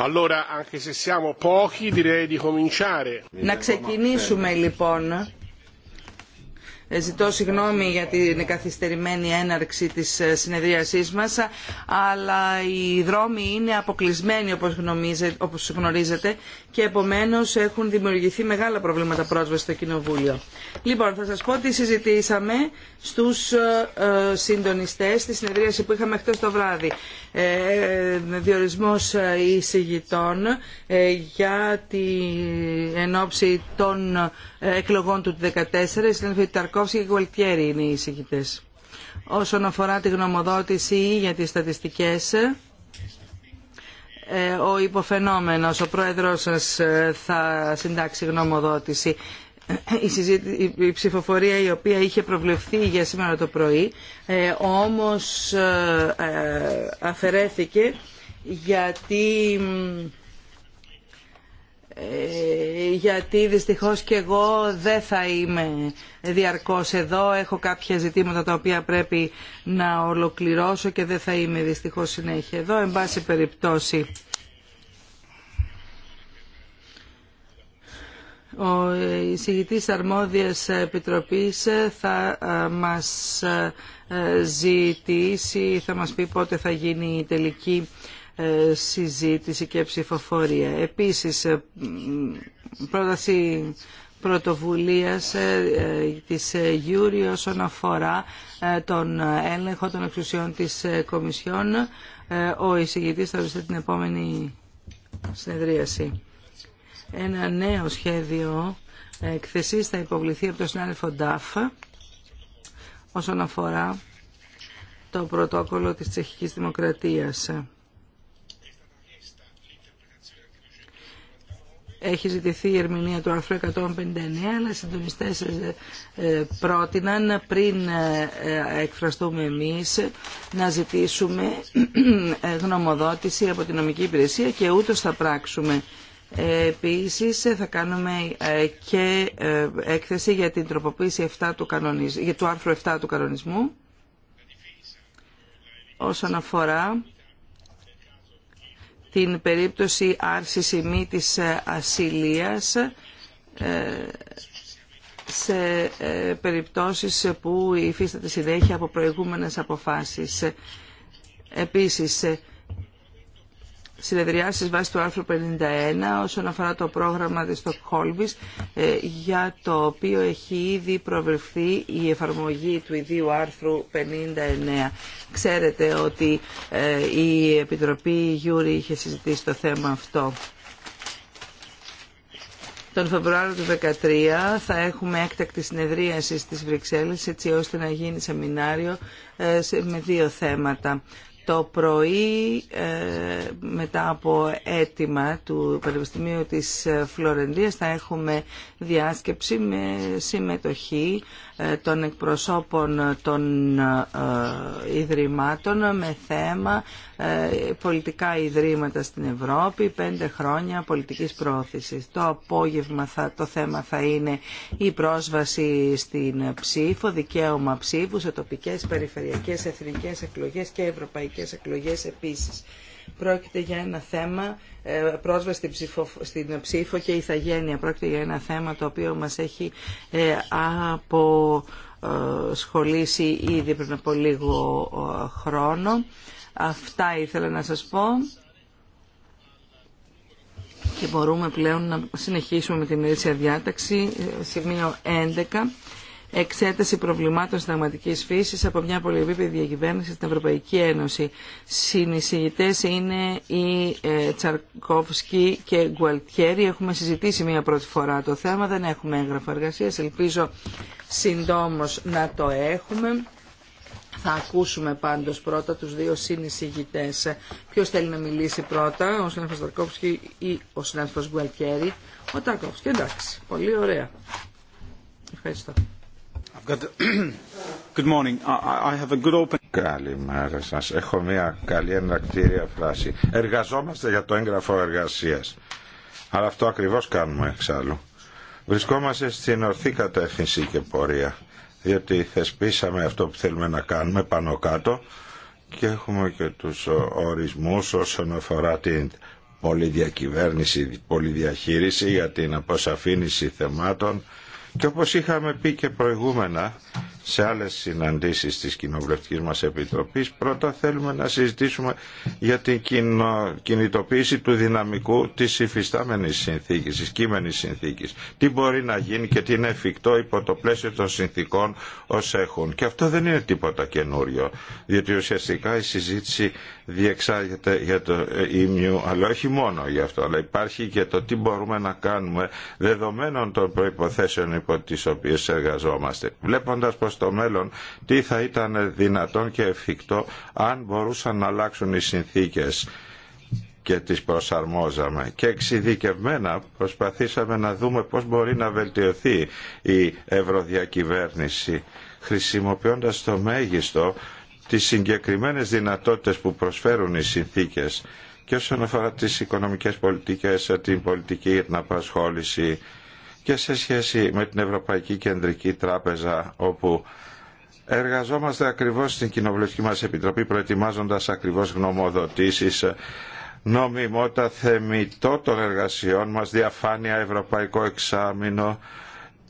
Allora, anche se siamo pochi, direi di cominciare. Να ξεκινήσουμε λοιπόν. Ε, ζητώ συγγνώμη για την καθυστερημένη έναρξη της ε, συνεδρίασής μας, αλλά οι δρόμοι είναι αποκλεισμένοι όπως γνωρίζετε και επομένως έχουν δημιουργηθεί μεγάλα προβλήματα πρόσβαση στο Κοινοβούλιο. Λοιπόν, θα σας πω ότι συζητήσαμε στους ε, συντονιστές στη συνεδρίαση που είχαμε χτες το βράδυ. Διορισμός εισηγητών για την ενόψη των εκλογών του 2014, και Γουελτιέρη είναι οι Όσον αφορά τη γνωμοδότηση για τις στατιστικές, ε, ο υποφαινόμενος, ο πρόεδρος σας ε, θα συντάξει γνωμοδότηση. Η, η ψηφοφορία η οποία είχε προβλεφθεί για σήμερα το πρωί ε, όμως αφαιρέθηκε γιατί ε, γιατί δυστυχώς και εγώ δεν θα είμαι διαρκώς εδώ. Έχω κάποια ζητήματα τα οποία πρέπει να ολοκληρώσω και δεν θα είμαι δυστυχώς συνέχεια εδώ. Εν πάση περιπτώσει, ο εισηγητής αρμόδιας επιτροπής θα ε, μας ε, ζητήσει, θα μας πει πότε θα γίνει η τελική ε, συζήτηση και ψηφοφορία. Επίσης, ε, πρόταση πρωτοβουλίας ε, της Γιούρη όσον αφορά τον έλεγχο των εξουσιών της Κομισιόν. Ο εισηγητής θα βρίσκεται την επόμενη συνεδρίαση. Ένα νέο σχέδιο εκθεσής θα υποβληθεί από τον συνάδελφο Νταφ όσον αφορά το πρωτόκολλο της Τσεχικής Δημοκρατίας. έχει ζητηθεί η ερμηνεία του άρθρου 159, αλλά οι συντονιστές ε, ε, πρότειναν πριν ε, εκφραστούμε εμείς να ζητήσουμε γνωμοδότηση από την νομική υπηρεσία και ούτως θα πράξουμε. επίση θα κάνουμε και έκθεση για την τροποποίηση 7 του, κανονισμού, για του άρθρου 7 του κανονισμού όσον αφορά την περίπτωση άρσης ημί της ε, ασυλίας ε, σε ε, περιπτώσεις που υφίσταται συνέχεια από προηγούμενες αποφάσεις. Επίσης, συνεδριάσει βάσει του άρθρου 51 όσον αφορά το πρόγραμμα της ε, για το οποίο έχει ήδη προβληθεί η εφαρμογή του ιδίου άρθρου 59. Ξέρετε ότι ε, η Επιτροπή Γιούρη είχε συζητήσει το θέμα αυτό. Τον Φεβρουάριο του 2013 θα έχουμε έκτακτη συνεδρίαση στις Βρυξέλλες έτσι ώστε να γίνει σεμινάριο ε, με δύο θέματα το πρωί ε, μετά από αίτημα του Πανεπιστημίου της Φλωρεντίας θα έχουμε διάσκεψη με συμμετοχή ε, των εκπροσώπων των ε, Ιδρυμάτων με θέμα ε, πολιτικά Ιδρύματα στην Ευρώπη, πέντε χρόνια πολιτικής πρόθεσης. Το απόγευμα θα, το θέμα θα είναι η πρόσβαση στην ψήφο, δικαίωμα ψήφου σε τοπικές, περιφερειακές, εθνικές εκλογές και ευρωπαϊκές εκλογές επίσης. Πρόκειται για ένα θέμα ε, πρόσβαση στην ψήφο και ηθαγένεια. Πρόκειται για ένα θέμα το οποίο μας έχει ε, αποσχολήσει ε, ήδη πριν από λίγο χρόνο. Αυτά ήθελα να σας πω και μπορούμε πλέον να συνεχίσουμε με την ίδια διάταξη, σημείο 11 εξέταση προβλημάτων συνταγματική φύση από μια πολυεπίπεδη διακυβέρνηση στην Ευρωπαϊκή Ένωση. Συνησυγητέ είναι οι ε, Τσαρκόφσκι και Γκουαλτιέρη. Έχουμε συζητήσει μια πρώτη φορά το θέμα, δεν έχουμε έγγραφο εργασία. Ελπίζω συντόμω να το έχουμε. Θα ακούσουμε πάντως πρώτα τους δύο συνεισηγητές. Ποιος θέλει να μιλήσει πρώτα, ο συνάδελφος Τσαρκόφσκι ή ο συνάδελφος Γκουαλτιέρη. Ο Ταρκόφσκι, εντάξει, πολύ ωραία. Ευχαριστώ. Καλημέρα σας. Έχω μια καλή ενακτήρια φράση. Εργαζόμαστε για το έγγραφο εργασίας. Αλλά αυτό ακριβώς κάνουμε εξάλλου. Βρισκόμαστε στην ορθή κατεύθυνση και πορεία. Διότι θεσπίσαμε αυτό που θέλουμε να κάνουμε πάνω κάτω και έχουμε και τους ορισμούς όσον αφορά την πολυδιακυβέρνηση, πολυδιαχείριση για την αποσαφήνιση θεμάτων και όπως είχαμε πει και προηγούμενα, σε άλλες συναντήσεις της Κοινοβουλευτικής μας Επιτροπής. Πρώτα θέλουμε να συζητήσουμε για την κινητοποίηση του δυναμικού της υφιστάμενης συνθήκης, της κείμενης συνθήκης. Τι μπορεί να γίνει και τι είναι εφικτό υπό το πλαίσιο των συνθήκων ως έχουν. Και αυτό δεν είναι τίποτα καινούριο, διότι ουσιαστικά η συζήτηση διεξάγεται για το ίμιου, αλλά όχι μόνο για αυτό, αλλά υπάρχει και το τι μπορούμε να κάνουμε δεδομένων των προϋποθέσεων υπό τις οποίες εργαζόμαστε. Βλέποντας στο μέλλον τι θα ήταν δυνατόν και εφικτό αν μπορούσαν να αλλάξουν οι συνθήκες και τις προσαρμόζαμε. Και εξειδικευμένα προσπαθήσαμε να δούμε πώς μπορεί να βελτιωθεί η ευρωδιακυβέρνηση χρησιμοποιώντας το μέγιστο τις συγκεκριμένες δυνατότητες που προσφέρουν οι συνθήκες και όσον αφορά τις οικονομικές πολιτικές, την πολιτική για την απασχόληση, και σε σχέση με την Ευρωπαϊκή Κεντρική Τράπεζα όπου εργαζόμαστε ακριβώς στην Κοινοβουλευτική μας Επιτροπή προετοιμάζοντας ακριβώς γνωμοδοτήσεις νομιμότητα θεμητό των εργασιών μας, διαφάνεια ευρωπαϊκό εξάμεινο,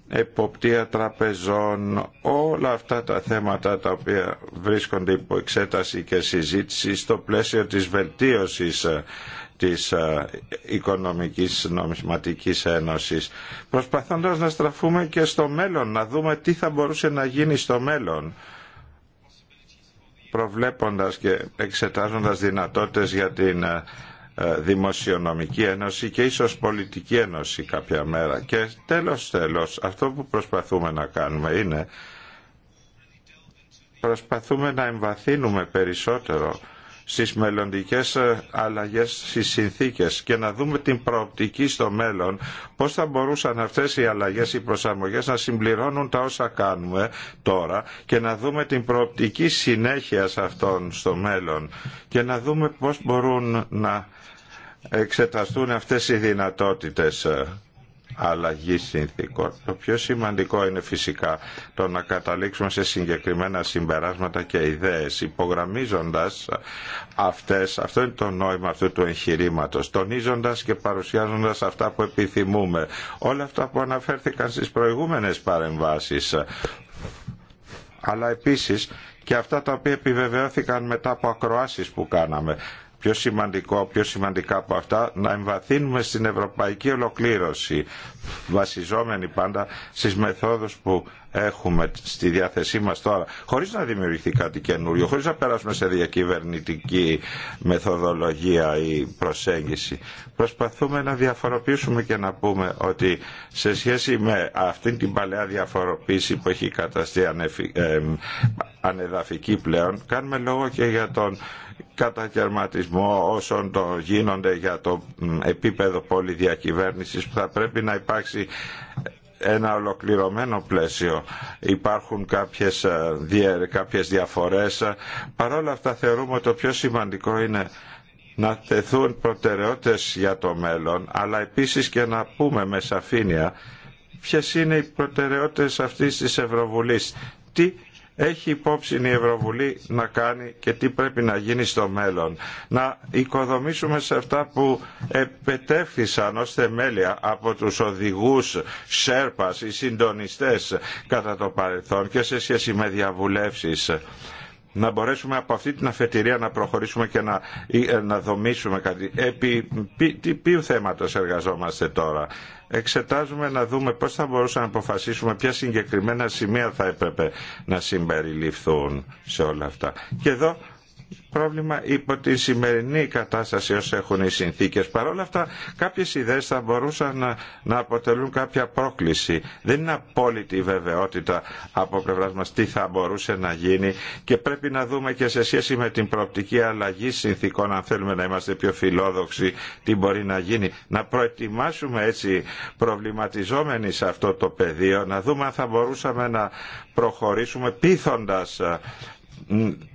εποπτεία τραπεζών, όλα αυτά τα θέματα τα οποία βρίσκονται υπό εξέταση και συζήτηση στο πλαίσιο της βελτίωσης της ε, Οικονομικής Νομισματικής Ένωσης προσπαθώντας να στραφούμε και στο μέλλον να δούμε τι θα μπορούσε να γίνει στο μέλλον προβλέποντας και εξετάζοντας δυνατότητες για την ε, ε, Δημοσιονομική Ένωση και ίσως Πολιτική Ένωση κάποια μέρα. Και τέλος τέλος αυτό που προσπαθούμε να κάνουμε είναι προσπαθούμε να εμβαθύνουμε περισσότερο στις μελλοντικές ε, αλλαγές στις συνθήκες και να δούμε την προοπτική στο μέλλον πώς θα μπορούσαν αυτές οι αλλαγές, οι προσαρμογές να συμπληρώνουν τα όσα κάνουμε τώρα και να δούμε την προοπτική συνέχεια αυτών στο μέλλον και να δούμε πώς μπορούν να εξεταστούν αυτές οι δυνατότητες αλλαγή συνθήκων. Το πιο σημαντικό είναι φυσικά το να καταλήξουμε σε συγκεκριμένα συμπεράσματα και ιδέες, υπογραμμίζοντας αυτές, αυτό είναι το νόημα αυτού του εγχειρήματος, τονίζοντας και παρουσιάζοντας αυτά που επιθυμούμε. Όλα αυτά που αναφέρθηκαν στις προηγούμενες παρεμβάσεις, αλλά επίσης και αυτά τα οποία επιβεβαιώθηκαν μετά από ακροάσεις που κάναμε πιο σημαντικό, πιο σημαντικά από αυτά, να εμβαθύνουμε στην ευρωπαϊκή ολοκλήρωση, βασιζόμενη πάντα στις μεθόδους που έχουμε στη διάθεσή μας τώρα, χωρίς να δημιουργηθεί κάτι καινούριο, χωρίς να περάσουμε σε διακυβερνητική μεθοδολογία ή προσέγγιση. Προσπαθούμε να διαφοροποιήσουμε και να πούμε ότι σε σχέση με αυτήν την παλαιά διαφοροποίηση που έχει καταστεί ανεδαφική πλέον, κάνουμε λόγο και για τον κατακαιρματισμό όσων το γίνονται για το επίπεδο πολυδιακυβέρνησης που θα πρέπει να υπάρξει ένα ολοκληρωμένο πλαίσιο. Υπάρχουν κάποιες, ε, κάποιες διαφορές. Παρ' όλα αυτά θεωρούμε ότι το πιο σημαντικό είναι να τεθούν προτεραιότητες για το μέλλον, αλλά επίσης και να πούμε με σαφήνεια ποιες είναι οι προτεραιότητες αυτής της Ευρωβουλής. Τι έχει υπόψη η Ευρωβουλή να κάνει και τι πρέπει να γίνει στο μέλλον. Να οικοδομήσουμε σε αυτά που επετεύχθησαν ως θεμέλια από τους οδηγούς Σέρπας, οι συντονιστές κατά το παρελθόν και σε σχέση με διαβουλεύσεις να μπορέσουμε από αυτή την αφετηρία να προχωρήσουμε και να, ε, να δομήσουμε κάτι. Επί ποιου θέματος εργαζόμαστε τώρα. Εξετάζουμε να δούμε πώς θα μπορούσαμε να αποφασίσουμε ποια συγκεκριμένα σημεία θα έπρεπε να συμπεριληφθούν σε όλα αυτά. Και εδώ πρόβλημα υπό τη σημερινή κατάσταση όσο έχουν οι συνθήκες. Παρ' όλα αυτά κάποιες ιδέες θα μπορούσαν να, να αποτελούν κάποια πρόκληση. Δεν είναι απόλυτη η βεβαιότητα από πλευρά μα τι θα μπορούσε να γίνει και πρέπει να δούμε και σε σχέση με την προοπτική αλλαγή συνθήκων αν θέλουμε να είμαστε πιο φιλόδοξοι τι μπορεί να γίνει. Να προετοιμάσουμε έτσι προβληματιζόμενοι σε αυτό το πεδίο να δούμε αν θα μπορούσαμε να προχωρήσουμε πείθοντας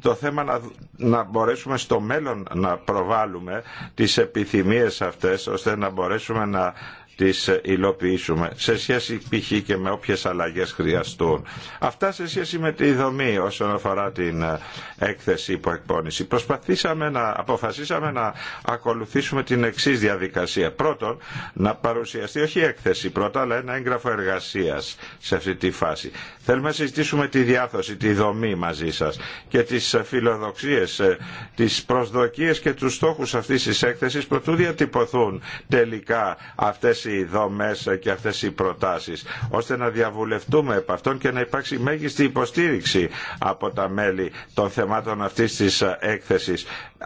το θέμα να, να μπορέσουμε στο μέλλον να προβάλλουμε τις επιθυμίες αυτές ώστε να μπορέσουμε να τις υλοποιήσουμε σε σχέση π.χ. και με όποιες αλλαγές χρειαστούν. Αυτά σε σχέση με τη δομή όσον αφορά την ε, έκθεση υπό Προσπαθήσαμε να, αποφασίσαμε να ακολουθήσουμε την εξή διαδικασία. Πρώτον, να παρουσιαστεί όχι η έκθεση πρώτα, αλλά ένα έγγραφο εργασίας σε αυτή τη φάση. Θέλουμε να συζητήσουμε τη διάθεση, τη δομή μαζί σας και τις φιλοδοξίες, ε, τις προσδοκίες και τους στόχους αυτής της έκθεσης προτού διατυπωθούν τελικά αυτές οι δομές και αυτές οι προτάσεις ώστε να διαβουλευτούμε επ' αυτών και να υπάρξει μέγιστη υποστήριξη από τα μέλη των θεμάτων αυτής της έκθεσης.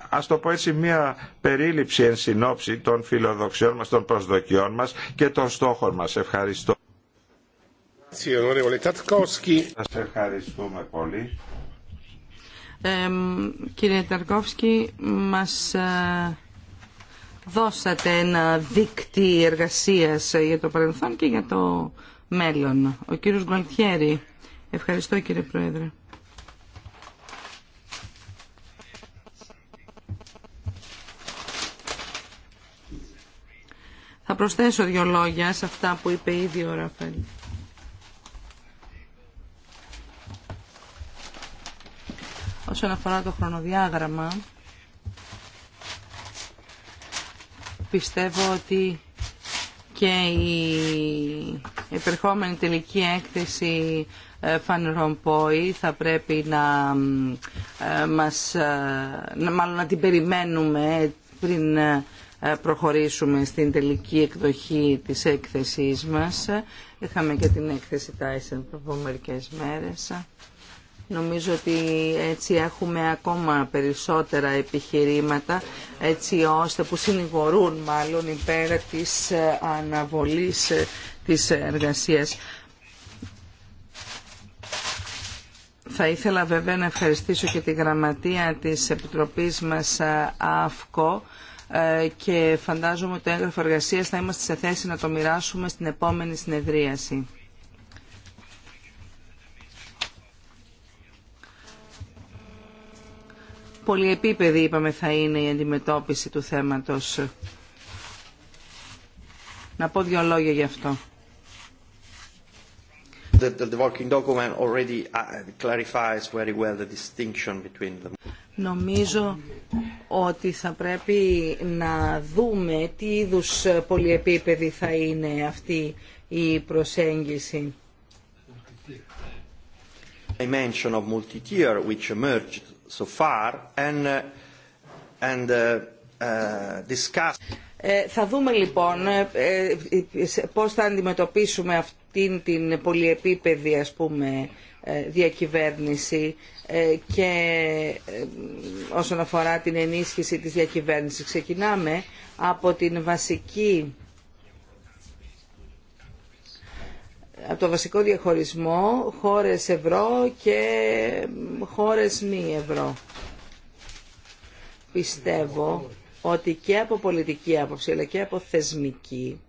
Ας το πω έτσι μια περίληψη εν συνόψη των φιλοδοξιών μας, των προσδοκιών μας και των στόχων μας. Ευχαριστώ. Σας ευχαριστούμε πολύ. Ε, κύριε Ταρκόφσκι, μας ε, δώσατε ένα δίκτυ εργασίας για το παρελθόν και για το μέλλον. Ο κύριος Γκολτιέρη. Ευχαριστώ κύριε Πρόεδρε. Θα προσθέσω δύο λόγια σε αυτά που είπε ήδη ο Ραφέλη. Όσον αφορά το χρονοδιάγραμμα, πιστεύω ότι και η επερχόμενη τελική έκθεση ε, Φαν Ρομπόη θα πρέπει να ε, μας, ε, μάλλον να την περιμένουμε πριν προχωρήσουμε στην τελική εκδοχή της έκθεσής μας. Είχαμε και την έκθεση Tyson από μερικές μέρες. Νομίζω ότι έτσι έχουμε ακόμα περισσότερα επιχειρήματα έτσι ώστε που συνηγορούν μάλλον υπέρ της ε, αναβολής ε, της εργασίας. Θα ήθελα βέβαια να ευχαριστήσω και τη γραμματεία της Επιτροπής μας ε, ΑΦΚΟ και φαντάζομαι ότι το έγγραφο εργασίας θα είμαστε σε θέση να το μοιράσουμε στην επόμενη συνεδρίαση. πολυεπίπεδη είπαμε θα είναι η αντιμετώπιση του θέματος. Να πω δύο λόγια γι' αυτό. Νομίζω ότι θα πρέπει να δούμε τι είδους πολυεπίπεδη θα είναι αυτή η προσέγγιση so far uh, uh, uh, ε, θα δούμε λοιπόν ε, ε, πώς θα αντιμετωπίσουμε αυτήν την πολυεπίπεδη ας πούμε διακυβέρνηση και όσον αφορά την ενίσχυση της διακυβέρνησης. Ξεκινάμε από την βασική από το βασικό διαχωρισμό χώρες ευρώ και χώρες μη ευρώ. Πιστεύω ότι και από πολιτική άποψη αλλά και από θεσμική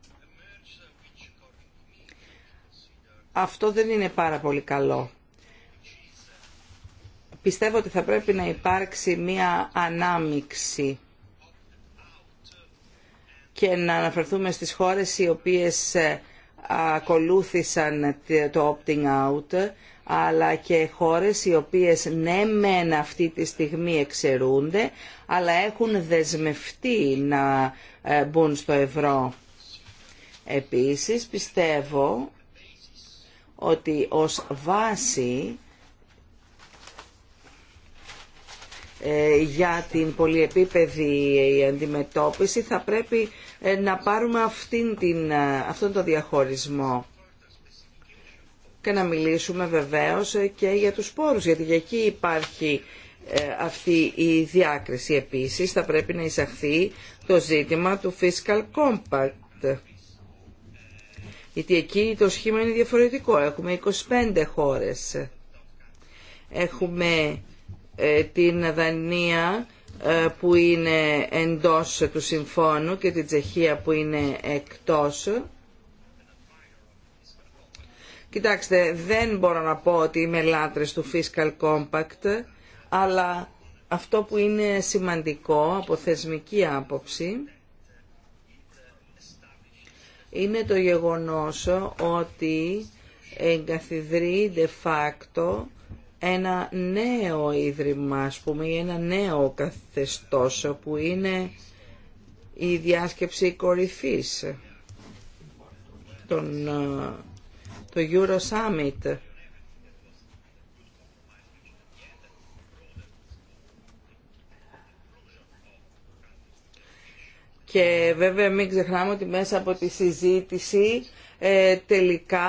αυτό δεν είναι πάρα πολύ καλό. Πιστεύω ότι θα πρέπει να υπάρξει μία ανάμιξη και να αναφερθούμε στις χώρες οι οποίες ε, ακολούθησαν το opting out αλλά και χώρες οι οποίες ναι μεν αυτή τη στιγμή εξαιρούνται αλλά έχουν δεσμευτεί να ε, μπουν στο ευρώ. Επίσης πιστεύω ότι ως βάση ε, για την πολυεπίπεδη αντιμετώπιση θα πρέπει ε, να πάρουμε αυτήν την, ε, αυτόν τον διαχωρισμό και να μιλήσουμε βεβαίως ε, και για τους πόρους γιατί για εκεί υπάρχει αυτή η διάκριση. Επίσης θα πρέπει να εισαχθεί το ζήτημα του Fiscal Compact. Γιατί εκεί το σχήμα είναι διαφορετικό. Έχουμε 25 χώρες. Έχουμε την Δανία ε, που είναι εντός του συμφώνου και την Τσεχία που είναι εκτός. Κοιτάξτε, δεν μπορώ να πω ότι είμαι λάτρης του Fiscal Compact, αλλά αυτό που είναι σημαντικό από θεσμική άποψη είναι το γεγονός ότι εγκαθιδρεί de facto ένα νέο ίδρυμα, ας πούμε, ή ένα νέο καθεστώς που είναι η διάσκεψη κορυφής, τον, ε, το Euro Summit. Και βέβαια μην ξεχνάμε ότι μέσα από τη συζήτηση ε, τελικά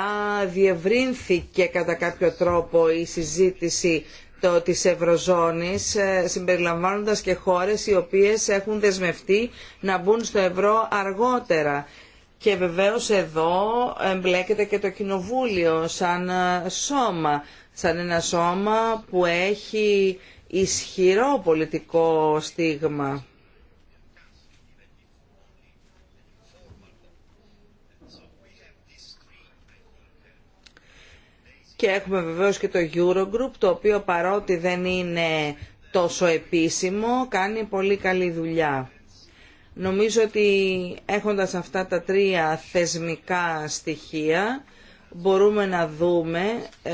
διευρύνθηκε κατά κάποιο τρόπο η συζήτηση το, της Ευρωζώνης ε, συμπεριλαμβάνοντας και χώρες οι οποίες έχουν δεσμευτεί να μπουν στο ευρώ αργότερα. Και βεβαίως εδώ εμπλέκεται και το Κοινοβούλιο σαν ε, σώμα, σαν ένα σώμα που έχει ισχυρό πολιτικό στίγμα. Και έχουμε βεβαίως και το Eurogroup, το οποίο παρότι δεν είναι τόσο επίσημο, κάνει πολύ καλή δουλειά. Νομίζω ότι έχοντας αυτά τα τρία θεσμικά στοιχεία, μπορούμε να δούμε ε,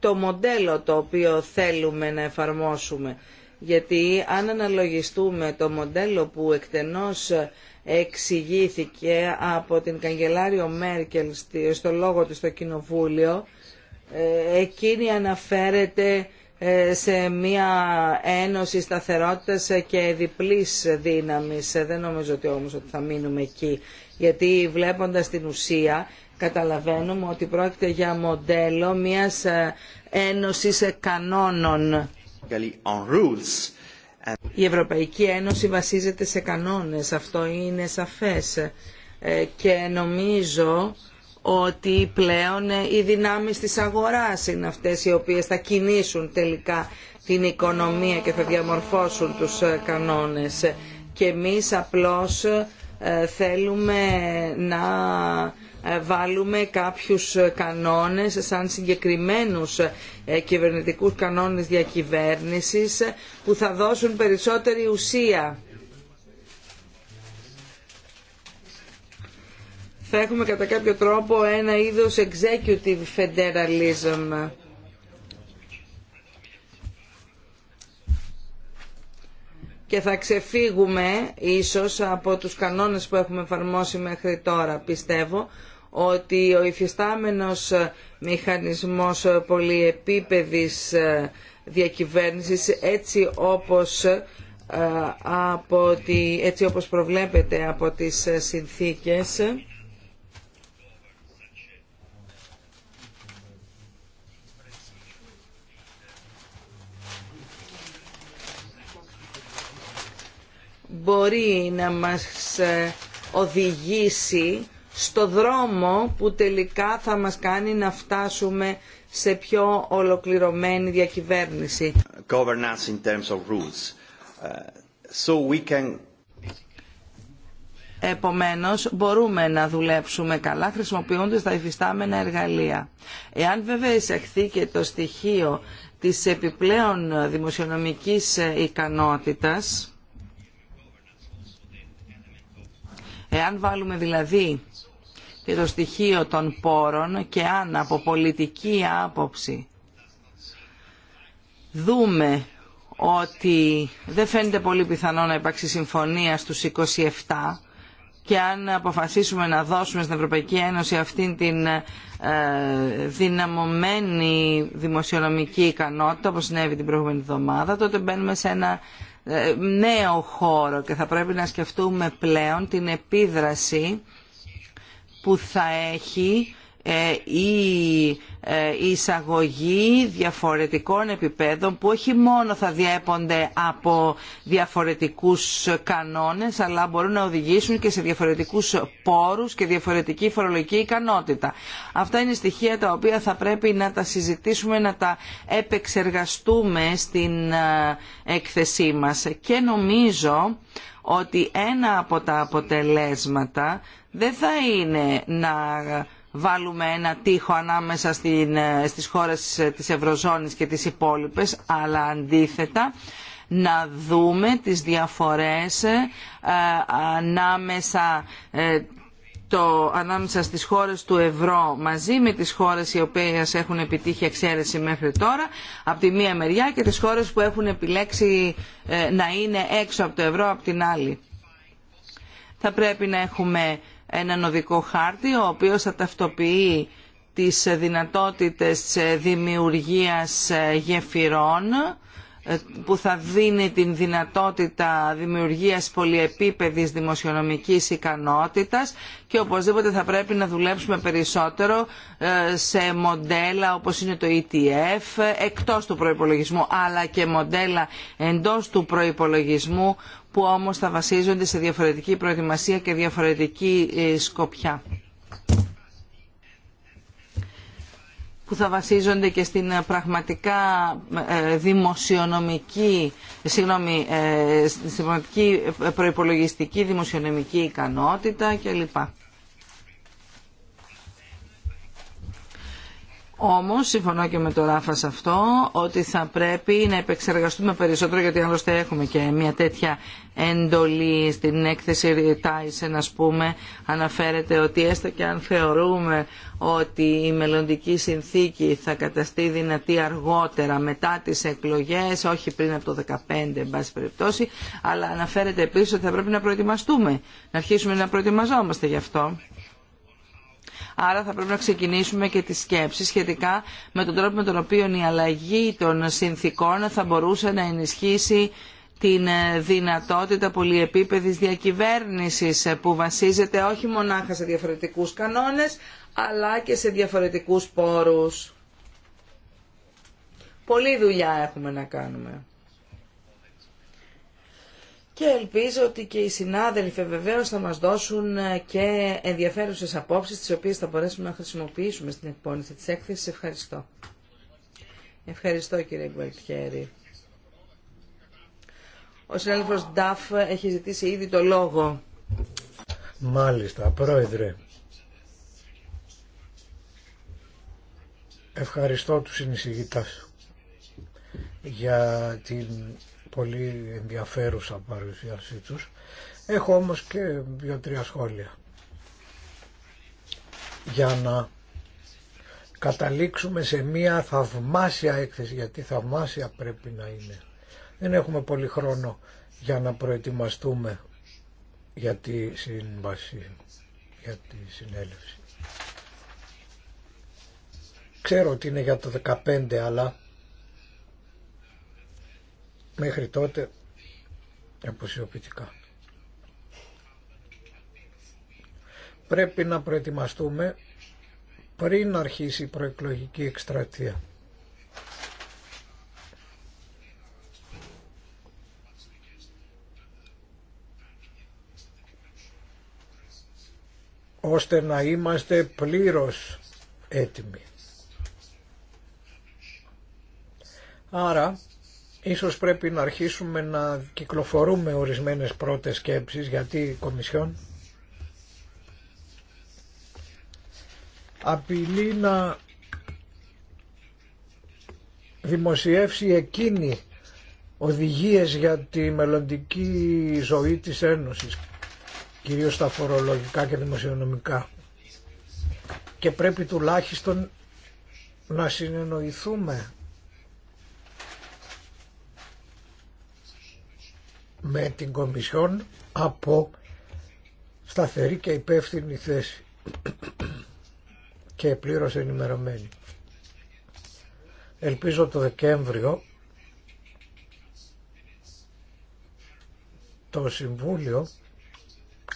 το μοντέλο το οποίο θέλουμε να εφαρμόσουμε. Γιατί αν αναλογιστούμε το μοντέλο που εκτενώς εξηγήθηκε από την καγκελάριο Μέρκελ στο λόγο της στο Κοινοβούλιο, ε, εκείνη αναφέρεται ε, σε μια ένωση σταθερότητας και διπλής δύναμης. Ε, δεν νομίζω ότι όμως ότι θα μείνουμε εκεί, γιατί βλέποντας την ουσία καταλαβαίνουμε ότι πρόκειται για μοντέλο μιας ένωσης κανόνων. Η Ευρωπαϊκή Ένωση βασίζεται σε κανόνες, αυτό είναι σαφές και νομίζω ότι πλέον οι δυνάμεις της αγοράς είναι αυτές οι οποίες θα κινήσουν τελικά την οικονομία και θα διαμορφώσουν τους ε, κανόνες. Και εμείς απλώς ε, θέλουμε να ε, βάλουμε κάποιους κανόνες σαν συγκεκριμένους κυβερνητικούς κανόνες διακυβέρνησης που θα δώσουν περισσότερη ουσία θα έχουμε κατά κάποιο τρόπο ένα είδος executive federalism. και θα ξεφύγουμε ίσως από τους κανόνες που έχουμε εφαρμόσει μέχρι τώρα. Πιστεύω ότι ο υφιστάμενος μηχανισμός πολυεπίπεδης διακυβέρνησης έτσι όπως, ε, από τη, έτσι όπως προβλέπεται από τις συνθήκες μπορεί να μας ε, οδηγήσει στο δρόμο που τελικά θα μας κάνει να φτάσουμε σε πιο ολοκληρωμένη διακυβέρνηση. Governance ε, Επομένως, μπορούμε να δουλέψουμε καλά χρησιμοποιώντας τα υφιστάμενα εργαλεία. Εάν βέβαια εισαχθεί και το στοιχείο της επιπλέον δημοσιονομικής ε, ικανότητας, Εάν βάλουμε δηλαδή και το στοιχείο των πόρων και αν από πολιτική άποψη δούμε ότι δεν φαίνεται πολύ πιθανό να υπάρξει συμφωνία στους 27 και αν αποφασίσουμε να δώσουμε στην Ευρωπαϊκή Ένωση αυτήν την ε, δυναμωμένη δημοσιονομική ικανότητα όπως συνέβη την προηγούμενη εβδομάδα τότε μπαίνουμε σε ένα νέο χώρο και θα πρέπει να σκεφτούμε πλέον την επίδραση που θα έχει ε, ε, η εισαγωγή διαφορετικών επιπέδων που όχι μόνο θα διέπονται από διαφορετικούς κανόνες αλλά μπορούν να οδηγήσουν και σε διαφορετικούς πόρους και διαφορετική φορολογική ικανότητα. Αυτά είναι στοιχεία τα οποία θα πρέπει να τα συζητήσουμε, να τα επεξεργαστούμε στην ε, έκθεσή μας και νομίζω ότι ένα από τα αποτελέσματα δεν θα είναι να βάλουμε ένα τείχο ανάμεσα στην, ε, στις χώρες ε, της Ευρωζώνης και τις υπόλοιπες, αλλά αντίθετα να δούμε τις διαφορές ε, ανάμεσα το, ανάμεσα στις χώρες του ευρώ μαζί με τις χώρες οι οποίες έχουν επιτύχει εξαίρεση μέχρι τώρα από τη μία μεριά και τις χώρες που έχουν επιλέξει να είναι έξω από το ευρώ από την άλλη. Θα πρέπει να έχουμε έναν οδικό χάρτη ο οποίος θα ταυτοποιεί τις δυνατότητες δημιουργίας γεφυρών ε, που θα δίνει την δυνατότητα δημιουργίας πολυεπίπεδης δημοσιονομικής ικανότητας και οπωσδήποτε θα πρέπει να δουλέψουμε περισσότερο ε, σε μοντέλα όπως είναι το ETF εκτός του προϋπολογισμού αλλά και μοντέλα εντός του προϋπολογισμού που όμως θα βασίζονται σε διαφορετική προετοιμασία και διαφορετική ε, σκοπιά. που θα βασίζονται και στην ε, πραγματικά ε, δημοσιονομική, συγγνώμη, στην πραγματική προϋπολογιστική δημοσιονομική ικανότητα κλπ. Όμως, συμφωνώ και με τον Ράφα σε αυτό, ότι θα πρέπει να επεξεργαστούμε περισσότερο, γιατί άλλωστε έχουμε και μια τέτοια εντολή στην έκθεση Tyson, ας πούμε, αναφέρεται ότι έστω και αν θεωρούμε ότι η μελλοντική συνθήκη θα καταστεί δυνατή αργότερα μετά τις εκλογές, όχι πριν από το 2015, εν πάση περιπτώσει, αλλά αναφέρεται επίσης ότι θα πρέπει να προετοιμαστούμε, να αρχίσουμε να προετοιμαζόμαστε γι' αυτό. Άρα θα πρέπει να ξεκινήσουμε και τις σκέψεις σχετικά με τον τρόπο με τον οποίο η αλλαγή των συνθήκων θα μπορούσε να ενισχύσει την ε, δυνατότητα πολυεπίπεδης διακυβέρνησης ε, που βασίζεται όχι μονάχα σε διαφορετικούς κανόνες αλλά και σε διαφορετικούς πόρους. Πολλή δουλειά έχουμε να κάνουμε και ελπίζω ότι και οι συνάδελφοι βεβαίω θα μας δώσουν ε, και ενδιαφέρουσες απόψεις τις οποίες θα μπορέσουμε να χρησιμοποιήσουμε στην εκπόνηση της έκθεσης. Ευχαριστώ. Ευχαριστώ κύριε Γκουαλτιέρη. Ο συνάδελφος Νταφ έχει ζητήσει ήδη το λόγο. Μάλιστα, πρόεδρε. Ευχαριστώ τους συνεισηγητάς για την πολύ ενδιαφέρουσα παρουσίασή τους. Έχω όμως και δύο-τρία σχόλια. Για να καταλήξουμε σε μία θαυμάσια έκθεση, γιατί θαυμάσια πρέπει να είναι. Δεν έχουμε πολύ χρόνο για να προετοιμαστούμε για τη σύμβαση, για τη συνέλευση. Ξέρω ότι είναι για το 15, αλλά μέχρι τότε αποσιοποιητικά. Πρέπει να προετοιμαστούμε πριν αρχίσει η προεκλογική εκστρατεία. ώστε να είμαστε πλήρως έτοιμοι. Άρα Ίσως πρέπει να αρχίσουμε να κυκλοφορούμε ορισμένες πρώτες σκέψεις γιατί η Κομισιόν απειλεί να δημοσιεύσει εκείνη οδηγίες για τη μελλοντική ζωή της Ένωσης, κυρίως τα φορολογικά και δημοσιονομικά. Και πρέπει τουλάχιστον να συνεννοηθούμε με την Κομισιόν από σταθερή και υπεύθυνη θέση και πλήρως ενημερωμένη. Ελπίζω το Δεκέμβριο το Συμβούλιο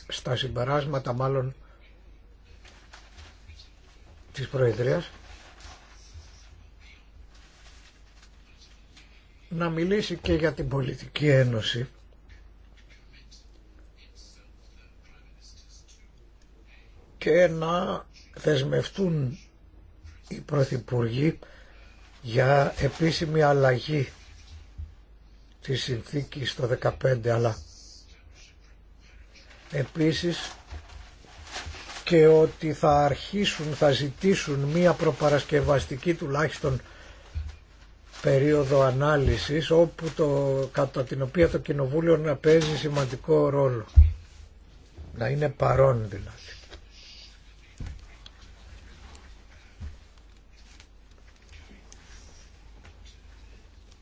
στα συμπεράσματα μάλλον της Προεδρίας να μιλήσει και για την Πολιτική Ένωση και να δεσμευτούν οι πρωθυπουργοί για επίσημη αλλαγή της συνθήκης το 15 αλλά επίσης και ότι θα αρχίσουν, θα ζητήσουν μία προπαρασκευαστική τουλάχιστον περίοδο ανάλυσης όπου το, κατά την οποία το κοινοβούλιο να παίζει σημαντικό ρόλο. Να είναι παρόν δηλαδή.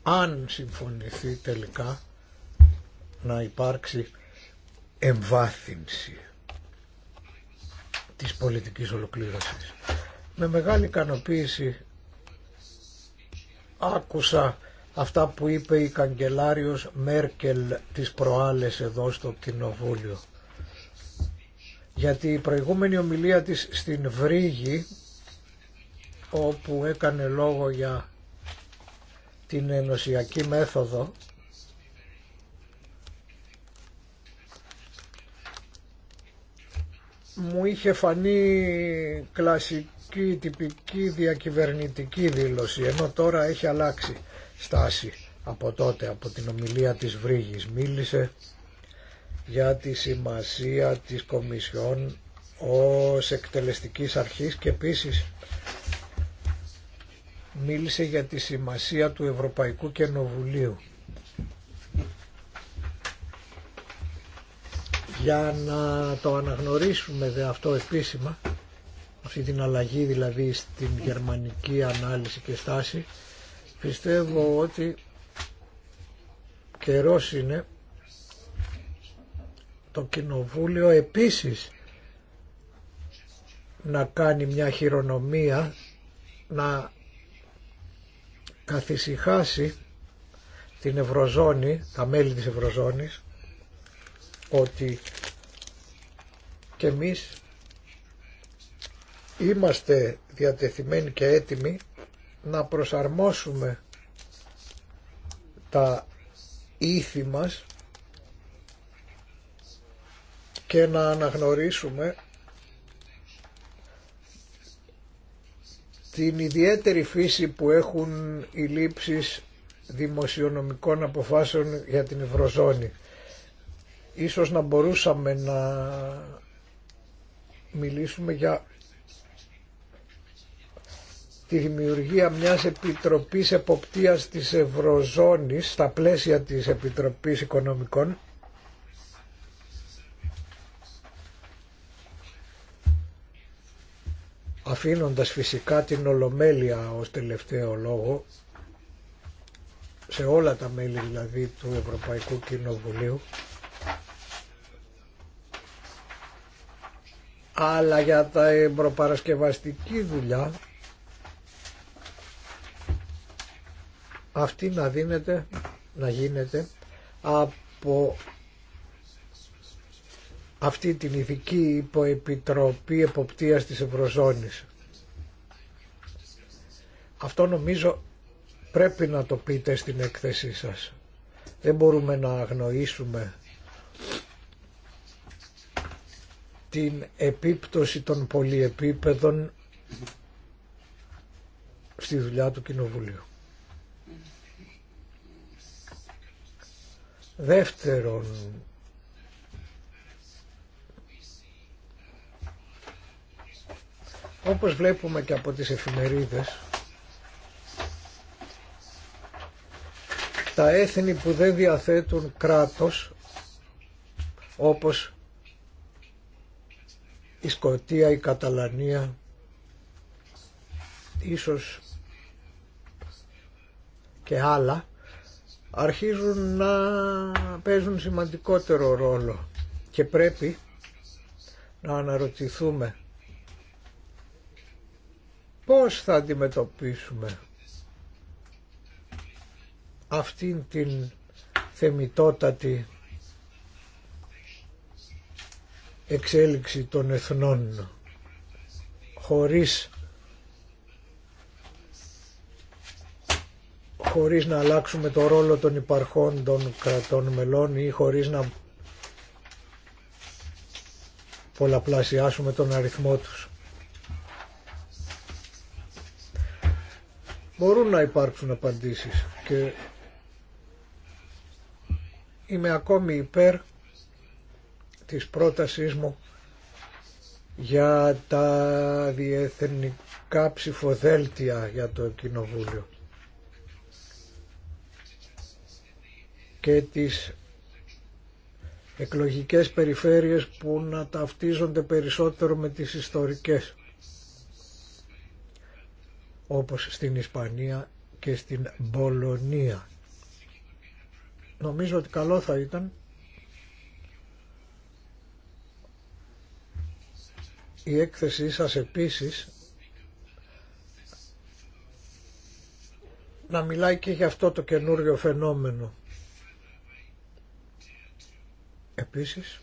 αν συμφωνηθεί τελικά να υπάρξει εμβάθυνση της πολιτικής ολοκλήρωσης. Με μεγάλη ικανοποίηση άκουσα αυτά που είπε η καγκελάριος Μέρκελ της προάλλες εδώ στο κοινοβούλιο. Γιατί η προηγούμενη ομιλία της στην Βρύγη, όπου έκανε λόγο για την ενωσιακή μέθοδο μου είχε φανεί κλασική, τυπική, διακυβερνητική δήλωση, ενώ τώρα έχει αλλάξει στάση από τότε, από την ομιλία της Βρύγης. Μίλησε για τη σημασία της Κομισιόν ως εκτελεστικής αρχής και επίσης μίλησε για τη σημασία του Ευρωπαϊκού Κοινοβουλίου. Για να το αναγνωρίσουμε δε αυτό επίσημα, αυτή την αλλαγή δηλαδή στην γερμανική ανάλυση και στάση, πιστεύω ότι καιρός είναι το Κοινοβούλιο επίσης να κάνει μια χειρονομία να καθησυχάσει την Ευρωζώνη, τα μέλη της Ευρωζώνης, ότι και εμείς είμαστε διατεθειμένοι και έτοιμοι να προσαρμόσουμε τα ήθη μας και να αναγνωρίσουμε την ιδιαίτερη φύση που έχουν οι λήψεις δημοσιονομικών αποφάσεων για την Ευρωζώνη. Ίσως να μπορούσαμε να μιλήσουμε για τη δημιουργία μιας Επιτροπής Εποπτείας της Ευρωζώνης στα πλαίσια της Επιτροπής Οικονομικών αφήνοντας φυσικά την Ολομέλεια ως τελευταίο λόγο σε όλα τα μέλη δηλαδή του Ευρωπαϊκού Κοινοβουλίου αλλά για τα προπαρασκευαστική δουλειά αυτή να δίνεται να γίνεται από αυτή την ειδική υποεπιτροπή εποπτείας της Ευρωζώνης. Αυτό νομίζω πρέπει να το πείτε στην έκθεσή σας. Δεν μπορούμε να αγνοήσουμε την επίπτωση των πολυεπίπεδων στη δουλειά του Κοινοβουλίου. Δεύτερον, Όπως βλέπουμε και από τις εφημερίδες, τα έθνη που δεν διαθέτουν κράτος, όπως η Σκοτία, η Καταλανία, ίσως και άλλα, αρχίζουν να παίζουν σημαντικότερο ρόλο και πρέπει να αναρωτηθούμε Πώς θα αντιμετωπίσουμε αυτήν την θεμητότατη εξέλιξη των εθνών χωρίς χωρίς να αλλάξουμε το ρόλο των υπαρχών των κρατών μελών ή χωρίς να πολλαπλασιάσουμε τον αριθμό τους. μπορούν να υπάρξουν απαντήσεις και είμαι ακόμη υπέρ της πρότασής μου για τα διεθνικά ψηφοδέλτια για το Κοινοβούλιο και τις εκλογικές περιφέρειες που να ταυτίζονται περισσότερο με τις ιστορικές όπως στην Ισπανία και στην Μπολονία. Νομίζω ότι καλό θα ήταν η έκθεσή σας επίσης να μιλάει και για αυτό το καινούριο φαινόμενο. Επίσης,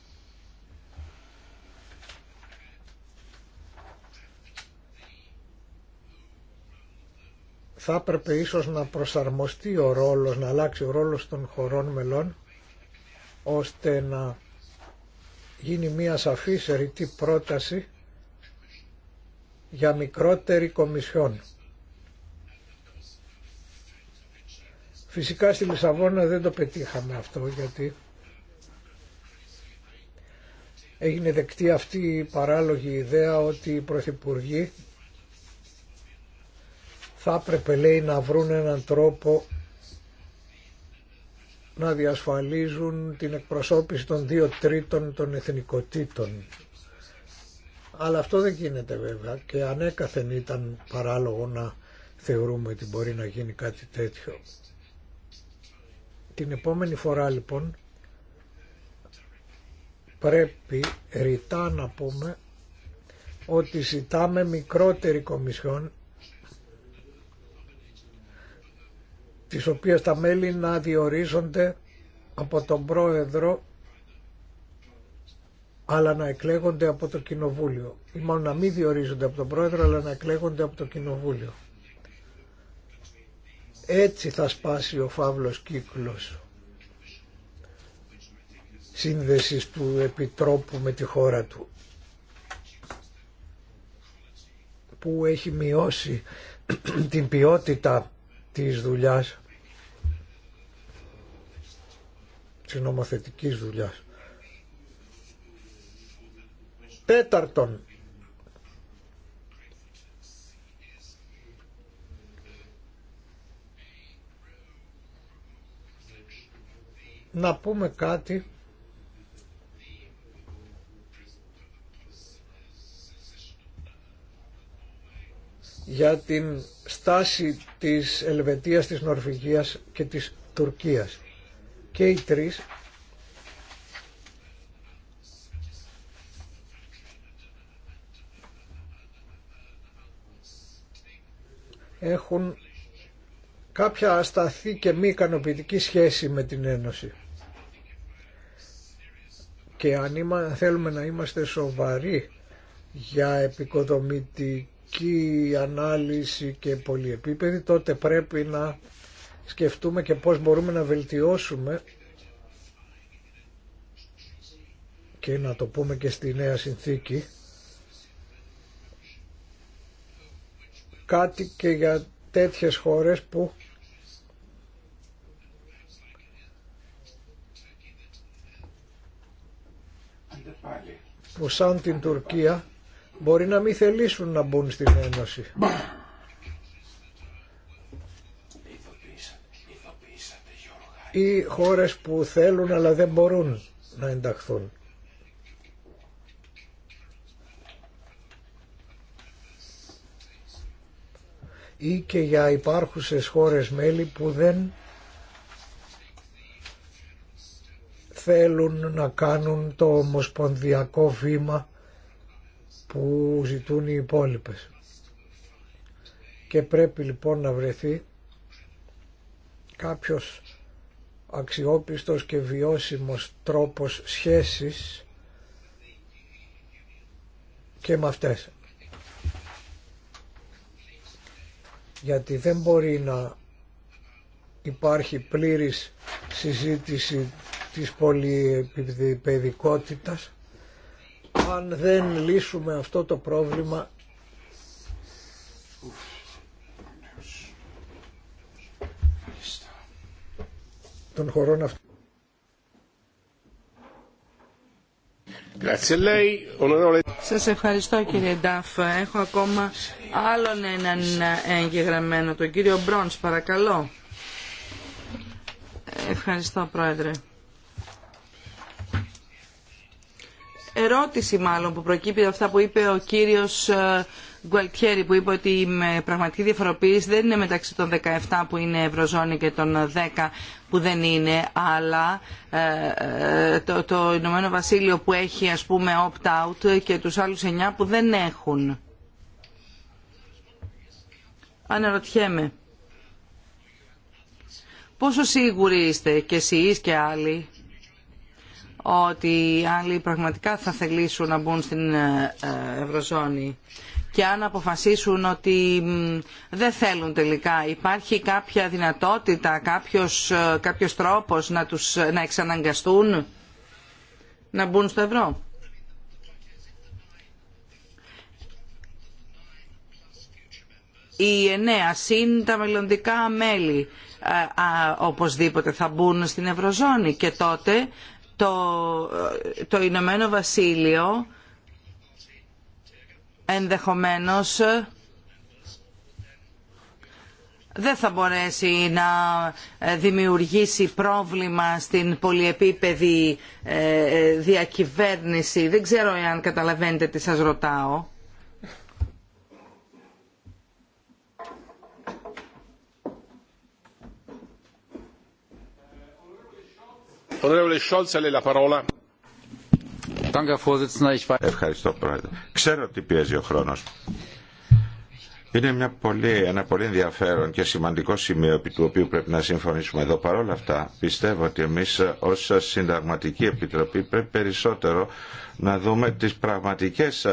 θα έπρεπε ίσως να προσαρμοστεί ο ρόλος, να αλλάξει ο ρόλος των χωρών μελών ώστε να γίνει μια σαφή ρητή πρόταση για μικρότερη κομισιόν. Φυσικά στη Λισαβόνα δεν το πετύχαμε αυτό γιατί έγινε δεκτή αυτή η παράλογη ιδέα ότι οι πρωθυπουργοί θα έπρεπε λέει να βρουν έναν τρόπο να διασφαλίζουν την εκπροσώπηση των δύο τρίτων των εθνικοτήτων. Αλλά αυτό δεν γίνεται βέβαια και ανέκαθεν ήταν παράλογο να θεωρούμε ότι μπορεί να γίνει κάτι τέτοιο. Την επόμενη φορά λοιπόν πρέπει ρητά να πούμε ότι ζητάμε μικρότερη κομισιόν τις οποίας τα μέλη να διορίζονται από τον πρόεδρο αλλά να εκλέγονται από το κοινοβούλιο ή μάλλον να μην διορίζονται από τον πρόεδρο αλλά να εκλέγονται από το κοινοβούλιο. Έτσι θα σπάσει ο φαύλος κύκλος σύνδεσης του Επιτρόπου με τη χώρα του που έχει μειώσει την ποιότητα της δουλειάς, της νομοθετικής δουλειάς. Τέταρτον, να πούμε κάτι για την στάση της Ελβετίας, της Νορβηγίας και της Τουρκίας. Και οι τρεις έχουν κάποια ασταθή και μη ικανοποιητική σχέση με την Ένωση. Και αν θέλουμε να είμαστε σοβαροί για επικοδομητική λογική ανάλυση και πολυεπίπεδη, τότε πρέπει να σκεφτούμε και πώς μπορούμε να βελτιώσουμε και να το πούμε και στη νέα συνθήκη κάτι και για τέτοιες χώρες που που σαν την Τουρκία Μπορεί να μην θελήσουν να μπουν στην Ένωση. Ή χώρες που θέλουν αλλά δεν μπορούν να ενταχθούν. ή και για υπάρχουσες χώρες μέλη που δεν θέλουν να κάνουν το ομοσπονδιακό βήμα που ζητούν οι υπόλοιπες. Και πρέπει λοιπόν να βρεθεί κάποιος αξιόπιστος και βιώσιμος τρόπος σχέσης και με αυτές. Γιατί δεν μπορεί να υπάρχει πλήρης συζήτηση της πολυπαιδικότητας αν δεν λύσουμε αυτό το πρόβλημα των χωρών αυτών. Σα ευχαριστώ κύριε Ντάφ. Έχω ακόμα άλλον έναν εγγεγραμμένο, τον κύριο Μπρόντ, παρακαλώ. Ευχαριστώ πρόεδρε. ερώτηση μάλλον που προκύπτει από αυτά που είπε ο κύριος ε, Γκουαλτιέρη που είπε ότι η ε, πραγματική διαφοροποίηση δεν είναι μεταξύ των 17 που είναι Ευρωζώνη και των 10 που δεν είναι, αλλά ε, το, το Ηνωμένο Βασίλειο που έχει ας πούμε opt-out και τους άλλους 9 που δεν έχουν. Αναρωτιέμαι. Πόσο σίγουροι είστε και εσείς και άλλοι ότι άλλοι πραγματικά θα θελήσουν να μπουν στην ε, ε, Ευρωζώνη και αν αποφασίσουν ότι δεν θέλουν τελικά υπάρχει κάποια δυνατότητα, κάποιος, ε, κάποιος τρόπος να, τους, να εξαναγκαστούν να μπουν στο ευρώ. Οι εννέα συν τα μελλοντικά μέλη οπωσδήποτε θα μπουν στην Ευρωζώνη και τότε το, το Ηνωμένο Βασίλειο ενδεχομένως δεν θα μπορέσει να δημιουργήσει πρόβλημα στην πολυεπίπεδη ε, ε, διακυβέρνηση. Δεν ξέρω εάν καταλαβαίνετε τι σας ρωτάω. Ευχαριστώ, Πρόεδρε. Ξέρω ότι πιέζει ο χρόνος. Είναι μια πολύ, ένα πολύ ενδιαφέρον και σημαντικό σημείο επί του οποίου πρέπει να συμφωνήσουμε εδώ. Παρ' όλα αυτά, πιστεύω ότι εμείς ως Συνταγματική Επιτροπή πρέπει περισσότερο να δούμε τις πραγματικές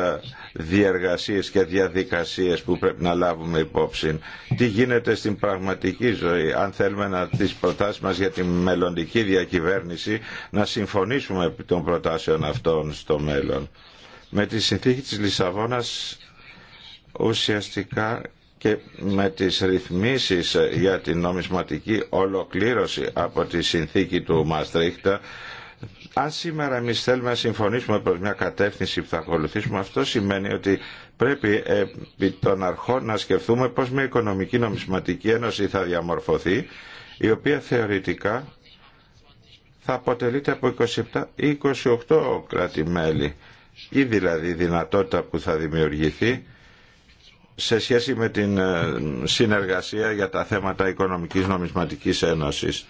διεργασίες και διαδικασίες που πρέπει να λάβουμε υπόψη. Τι γίνεται στην πραγματική ζωή, αν θέλουμε να τις προτάσεις μας για τη μελλοντική διακυβέρνηση να συμφωνήσουμε επί των προτάσεων αυτών στο μέλλον. Με τη συνθήκη της Λισαβόνας ουσιαστικά και με τις ρυθμίσεις για την νομισματική ολοκλήρωση από τη συνθήκη του Μαστρίχτα αν σήμερα εμεί θέλουμε να συμφωνήσουμε προς μια κατεύθυνση που θα ακολουθήσουμε αυτό σημαίνει ότι πρέπει επί των αρχών να σκεφτούμε πώς μια οικονομική νομισματική ένωση θα διαμορφωθεί η οποία θεωρητικά θα αποτελείται από 27 ή 28 κράτη-μέλη ή δηλαδή η 28 κρατη μελη η δηλαδη δυνατοτητα που θα δημιουργηθεί σε σχέση με την ε, συνεργασία για τα θέματα οικονομικής νομισματικής ένωσης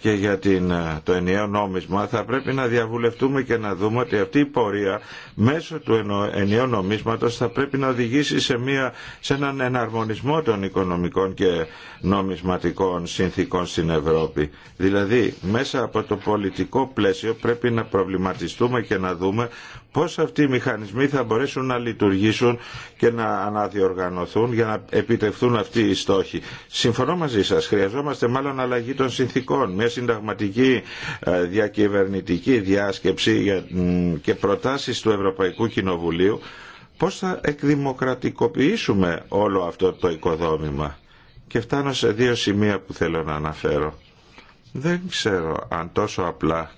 και για την, ε, το ενιαίο νόμισμα θα πρέπει να διαβουλευτούμε και να δούμε ότι αυτή η πορεία μέσω του ενιαίου νομίσματος θα πρέπει να οδηγήσει μια, σε έναν εναρμονισμό των οικονομικών και νομισματικών συνθήκων στην Ευρώπη. Δηλαδή μέσα από το πολιτικό πλαίσιο πρέπει να προβληματιστούμε και να δούμε πώς αυτοί οι μηχανισμοί θα μπορέσουν να λειτουργήσουν και να αναδιοργανωθούν για να επιτευχθούν αυτοί οι στόχοι. Συμφωνώ μαζί σας, χρειαζόμαστε μάλλον αλλαγή των συνθήκων, μια συνταγματική ε, διακυβερνητική διάσκεψη και προτάσεις του Ευρωπαϊκού Κοινοβουλίου πώς θα εκδημοκρατικοποιήσουμε όλο αυτό το οικοδόμημα. Και φτάνω σε δύο σημεία που θέλω να αναφέρω. Δεν ξέρω αν τόσο απλά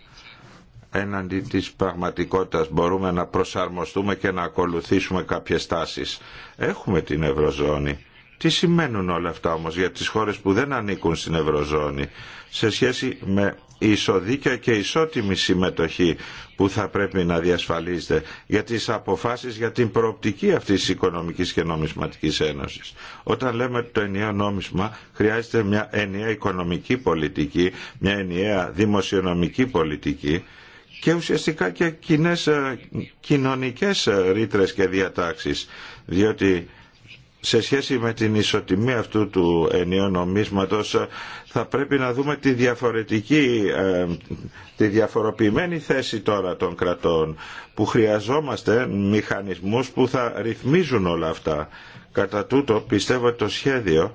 έναντι της πραγματικότητας μπορούμε να προσαρμοστούμε και να ακολουθήσουμε κάποιες τάσεις. Έχουμε την Ευρωζώνη. Τι σημαίνουν όλα αυτά όμως για τις χώρες που δεν ανήκουν στην Ευρωζώνη σε σχέση με ισοδίκια και ισότιμη συμμετοχή που θα πρέπει να διασφαλίζεται για τις αποφάσεις για την προοπτική αυτής της Οικονομικής και Νομισματικής Ένωσης. Όταν λέμε το ενιαίο νόμισμα χρειάζεται μια ενιαία οικονομική πολιτική, μια ενιαία δημοσιονομική πολιτική και ουσιαστικά και κοινέ ε, κοινωνικές ε, ρήτρε και διατάξεις διότι σε σχέση με την ισοτιμία αυτού του ενιαίου νομίσματος ε, θα πρέπει να δούμε τη διαφορετική, τη διαφοροποιημένη θέση τώρα των κρατών που χρειαζόμαστε μηχανισμούς που θα ρυθμίζουν όλα αυτά. Κατά τούτο πιστεύω το σχέδιο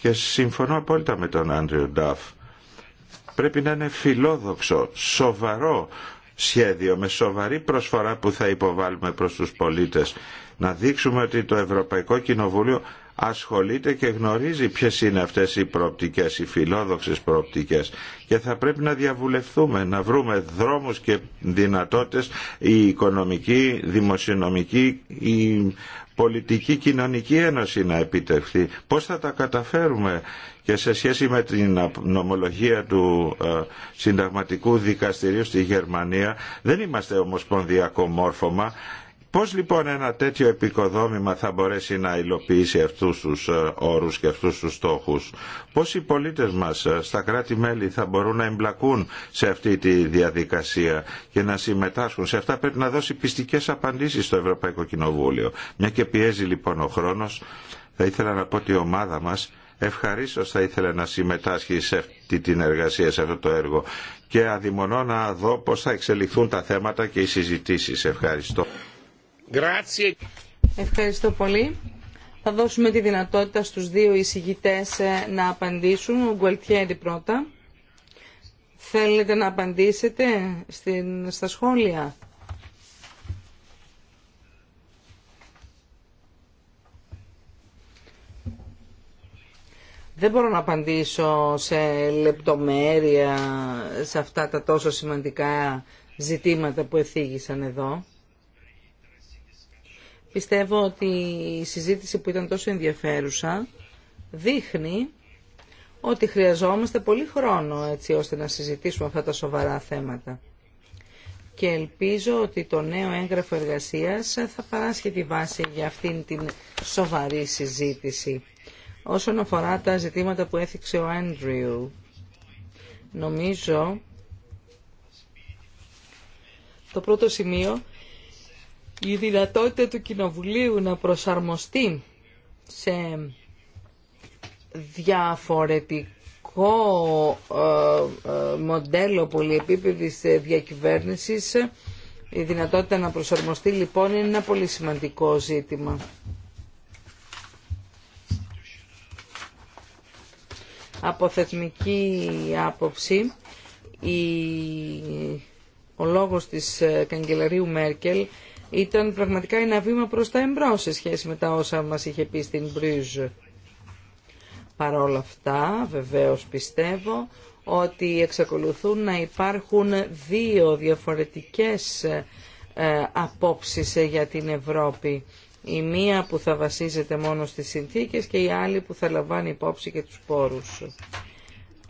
και συμφωνώ απόλυτα με τον Άντριο Νταφ πρέπει να είναι φιλόδοξο, σοβαρό σχέδιο, με σοβαρή προσφορά που θα υποβάλουμε προς τους πολίτες. Να δείξουμε ότι το Ευρωπαϊκό Κοινοβούλιο ασχολείται και γνωρίζει ποιες είναι αυτές οι προοπτικές, οι φιλόδοξες προοπτικές και θα πρέπει να διαβουλευτούμε, να βρούμε δρόμους και δυνατότητες η οικονομική, δημοσιονομική, πολιτική κοινωνική ένωση να επιτευχθεί. Πώς θα τα καταφέρουμε και σε σχέση με την νομολογία του ε, συνταγματικού δικαστηρίου στη Γερμανία δεν είμαστε ομοσπονδιακό μόρφωμα Πώς λοιπόν ένα τέτοιο επικοδόμημα θα μπορέσει να υλοποιήσει αυτούς τους ε, όρους και αυτούς τους στόχους. Πώς οι πολίτες μας ε, στα κράτη-μέλη θα μπορούν να εμπλακούν σε αυτή τη διαδικασία και να συμμετάσχουν. Σε αυτά πρέπει να δώσει πιστικές απαντήσεις στο Ευρωπαϊκό Κοινοβούλιο. Μια και πιέζει λοιπόν ο χρόνος, θα ήθελα να πω ότι η ομάδα μας ευχαρίστω θα ήθελε να συμμετάσχει σε αυτή την εργασία, σε αυτό το έργο και αδειμονώ να δω πώς θα εξελιχθούν τα θέματα και οι συζητήσεις. Ευχαριστώ. Ευχαριστώ πολύ. Θα δώσουμε τη δυνατότητα στους δύο εισηγητές ε, να απαντήσουν. Ο Γκουαλτιέρη πρώτα. Θέλετε να απαντήσετε στην, στα σχόλια. Δεν μπορώ να απαντήσω σε λεπτομέρεια σε αυτά τα τόσο σημαντικά ζητήματα που εφήγησαν εδώ. Πιστεύω ότι η συζήτηση που ήταν τόσο ενδιαφέρουσα δείχνει ότι χρειαζόμαστε πολύ χρόνο έτσι ώστε να συζητήσουμε αυτά τα σοβαρά θέματα. Και ελπίζω ότι το νέο έγγραφο εργασίας θα παράσχει τη βάση για αυτήν την σοβαρή συζήτηση. Όσον αφορά τα ζητήματα που έθιξε ο Άντριου, νομίζω το πρώτο σημείο η δυνατότητα του Κοινοβουλίου να προσαρμοστεί σε διαφορετικό ε, ε, μοντέλο πολυεπίπεδης διακυβέρνησης η δυνατότητα να προσαρμοστεί λοιπόν είναι ένα πολύ σημαντικό ζήτημα. Από θεσμική άποψη, η... ο λόγος της καγκελαρίου Μέρκελ ήταν πραγματικά ένα βήμα προς τα εμπρός σε σχέση με τα όσα μας είχε πει στην Μπρίζ. Παρ' όλα αυτά, βεβαίως πιστεύω ότι εξακολουθούν να υπάρχουν δύο διαφορετικές ε, απόψεις ε, για την Ευρώπη. Η μία που θα βασίζεται μόνο στις συνθήκες και η άλλη που θα λαμβάνει υπόψη και τους πόρους.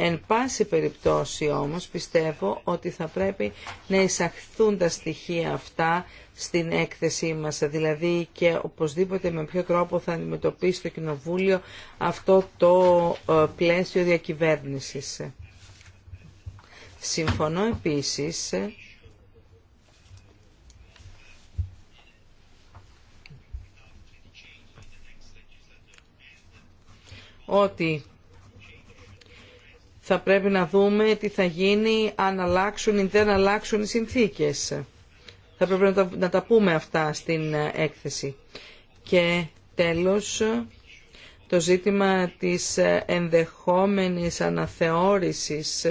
Εν πάση περιπτώσει όμως πιστεύω ότι θα πρέπει να εισαχθούν τα στοιχεία αυτά στην έκθεσή μας, δηλαδή και οπωσδήποτε με ποιο τρόπο θα αντιμετωπίσει το Κοινοβούλιο αυτό το ε, πλαίσιο διακυβέρνησης. Συμφωνώ επίσης ότι θα πρέπει να δούμε τι θα γίνει αν αλλάξουν ή δεν αλλάξουν οι συνθήκες. Θα πρέπει να τα, πούμε αυτά στην έκθεση. Και τέλος, το ζήτημα της ενδεχόμενης αναθεώρησης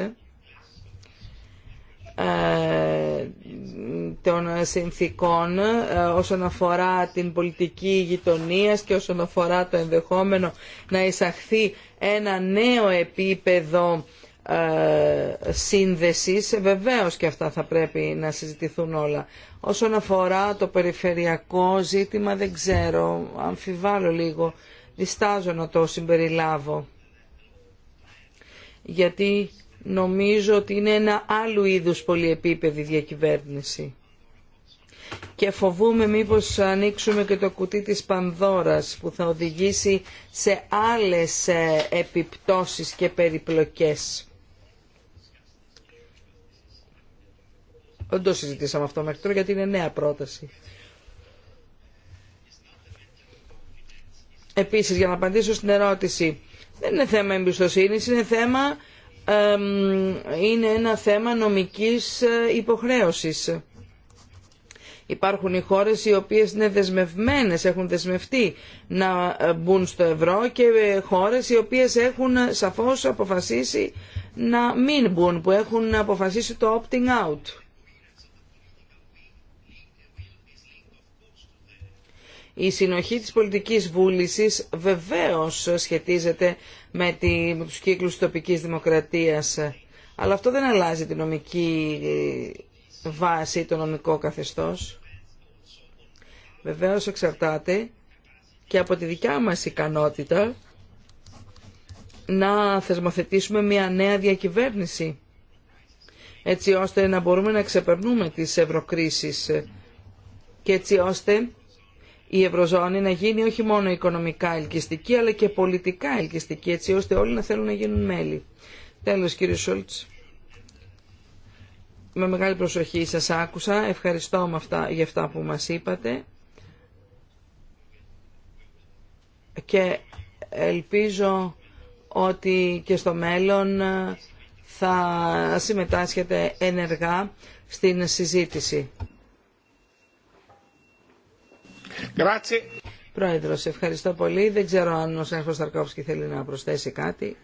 ε, των συνθήκων ε, όσον αφορά την πολιτική γειτονία και όσον αφορά το ενδεχόμενο να εισαχθεί ένα νέο επίπεδο ε, σύνδεσης βεβαίως και αυτά θα πρέπει να συζητηθούν όλα όσον αφορά το περιφερειακό ζήτημα δεν ξέρω αμφιβάλλω λίγο διστάζω να το συμπεριλάβω γιατί νομίζω ότι είναι ένα άλλου είδους πολυεπίπεδη διακυβέρνηση. Και φοβούμε μήπως ανοίξουμε και το κουτί της Πανδώρας που θα οδηγήσει σε άλλες ε, επιπτώσεις και περιπλοκές. Δεν το συζητήσαμε αυτό μέχρι τώρα γιατί είναι νέα πρόταση. Επίσης, για να απαντήσω στην ερώτηση, δεν είναι θέμα εμπιστοσύνης, είναι θέμα είναι ένα θέμα νομικής ε, υποχρέωσης. Υπάρχουν οι χώρες οι οποίες είναι δεσμευμένες, έχουν δεσμευτεί να ε, μπουν στο ευρώ και ε, χώρες οι οποίες έχουν σαφώς αποφασίσει να μην μπουν, που έχουν αποφασίσει το opting out. Η συνοχή της πολιτικής βούλησης βεβαίως σχετίζεται με, τη, με τους κύκλους τοπικής δημοκρατίας. Αλλά αυτό δεν αλλάζει την νομική ε, βάση, το νομικό καθεστώς. Βεβαίως εξαρτάται και από τη δικιά μας ικανότητα να θεσμοθετήσουμε μια νέα διακυβέρνηση έτσι ώστε να μπορούμε να ξεπερνούμε τις ευρωκρίσεις ε, και έτσι ώστε η Ευρωζώνη να γίνει όχι μόνο οικονομικά ελκυστική αλλά και πολιτικά ελκυστική έτσι ώστε όλοι να θέλουν να γίνουν μέλη. Τέλος κύριε Σούλτς. Με μεγάλη προσοχή σας άκουσα. Ευχαριστώ αυτά, για αυτά που μας είπατε. Και ελπίζω ότι και στο μέλλον θα συμμετάσχετε ενεργά στην συζήτηση. Πρόεδρος, ευχαριστώ πολύ. Δεν ξέρω αν ο Σέρχος Σταρκόφσκι θέλει να προσθέσει κάτι.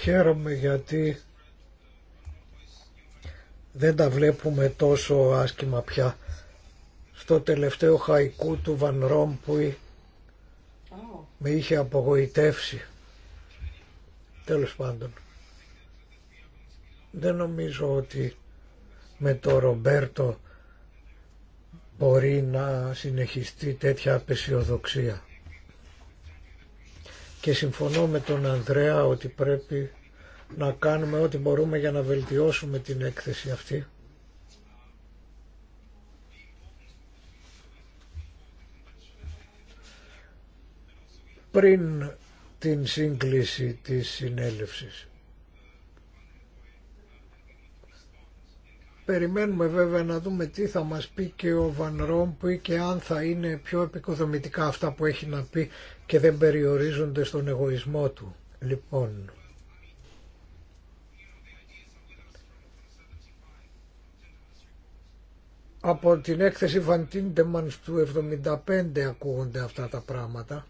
Χαίρομαι γιατί δεν τα βλέπουμε τόσο άσχημα πια. Στο τελευταίο χαϊκού του Βαν Ρόμπουι με είχε απογοητεύσει. Τέλος πάντων. Δεν νομίζω ότι με το Ρομπέρτο μπορεί να συνεχιστεί τέτοια απεσιοδοξία. Και συμφωνώ με τον Ανδρέα ότι πρέπει να κάνουμε ό,τι μπορούμε για να βελτιώσουμε την έκθεση αυτή. πριν την σύγκληση της συνέλευσης. Περιμένουμε βέβαια να δούμε τι θα μας πει και ο Βαν ή και αν θα είναι πιο επικοδομητικά αυτά που έχει να πει και δεν περιορίζονται στον εγωισμό του. Λοιπόν, από την έκθεση Βαντίντεμαν του 75 ακούγονται αυτά τα πράγματα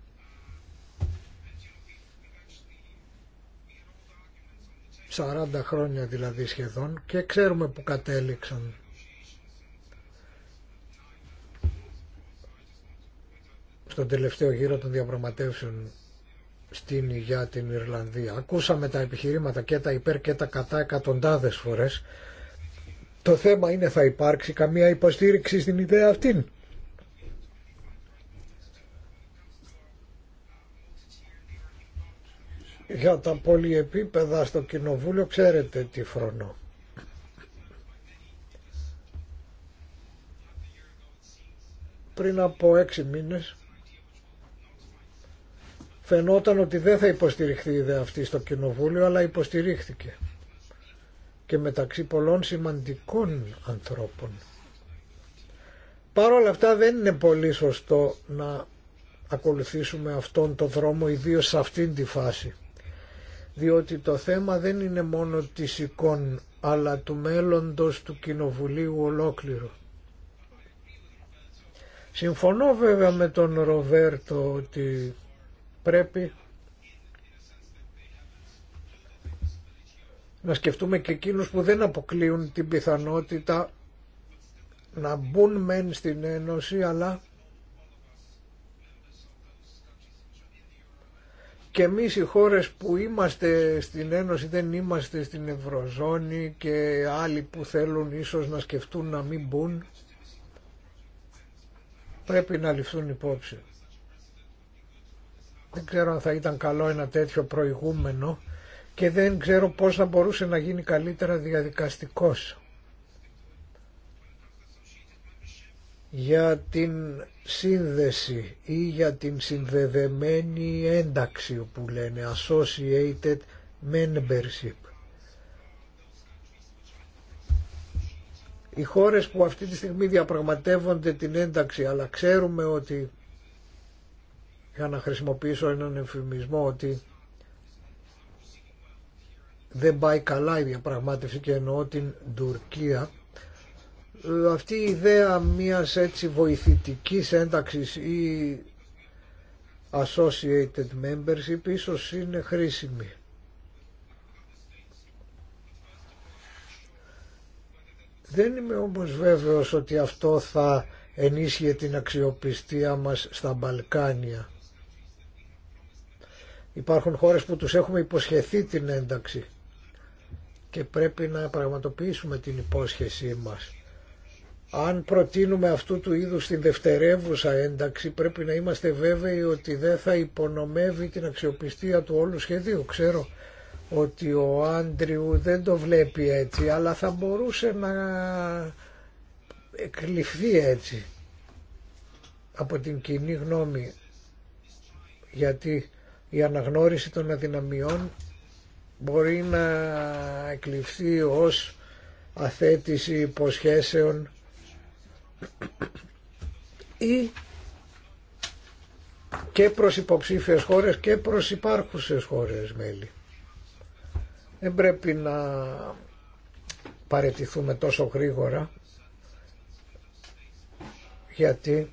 40 χρόνια δηλαδή σχεδόν και ξέρουμε που κατέληξαν. Στον τελευταίο γύρο των διαπραγματεύσεων στην Υγειά την Ιρλανδία. Ακούσαμε τα επιχειρήματα και τα υπέρ και τα κατά εκατοντάδες φορές. Το θέμα είναι θα υπάρξει καμία υποστήριξη στην ιδέα αυτήν. για τα πολυεπίπεδα στο κοινοβούλιο ξέρετε τι φρονώ. Πριν από έξι μήνες φαινόταν ότι δεν θα υποστηριχθεί η ιδέα αυτή στο κοινοβούλιο αλλά υποστηρίχθηκε και μεταξύ πολλών σημαντικών ανθρώπων. Παρ' όλα αυτά δεν είναι πολύ σωστό να ακολουθήσουμε αυτόν τον δρόμο ιδίως σε αυτήν τη φάση διότι το θέμα δεν είναι μόνο της εικόν αλλά του μέλλοντος του Κοινοβουλίου ολόκληρου. Συμφωνώ βέβαια με τον Ροβέρτο ότι πρέπει να σκεφτούμε και εκείνους που δεν αποκλείουν την πιθανότητα να μπουν μεν στην Ένωση αλλά και εμεί οι χώρες που είμαστε στην Ένωση δεν είμαστε στην Ευρωζώνη και άλλοι που θέλουν ίσως να σκεφτούν να μην μπουν πρέπει να ληφθούν υπόψη. Δεν ξέρω αν θα ήταν καλό ένα τέτοιο προηγούμενο και δεν ξέρω πώς θα μπορούσε να γίνει καλύτερα διαδικαστικός. Για την σύνδεση ή για την συνδεδεμένη ένταξη που λένε associated membership. Οι χώρες που αυτή τη στιγμή διαπραγματεύονται την ένταξη αλλά ξέρουμε ότι για να χρησιμοποιήσω έναν εμφημισμό ότι δεν πάει καλά η διαπραγμάτευση και εννοώ την Τουρκία αυτή η ιδέα μιας έτσι βοηθητικής ένταξης ή associated membership ίσως είναι χρήσιμη. Δεν είμαι όμως βέβαιος ότι αυτό θα ενίσχυε την αξιοπιστία μας στα Μπαλκάνια. Υπάρχουν χώρες που τους έχουμε υποσχεθεί την ένταξη και πρέπει να πραγματοποιήσουμε την υπόσχεσή μας. Αν προτείνουμε αυτού του είδους την δευτερεύουσα ένταξη πρέπει να είμαστε βέβαιοι ότι δεν θα υπονομεύει την αξιοπιστία του όλου σχεδίου. Ξέρω ότι ο Άντριου δεν το βλέπει έτσι αλλά θα μπορούσε να εκλειφθεί έτσι από την κοινή γνώμη γιατί η αναγνώριση των αδυναμιών μπορεί να εκλειφθεί ως αθέτηση υποσχέσεων ή και προς υποψήφιες χώρες και προς υπάρχουσες χώρες μέλη. Δεν πρέπει να παρετηθούμε τόσο γρήγορα γιατί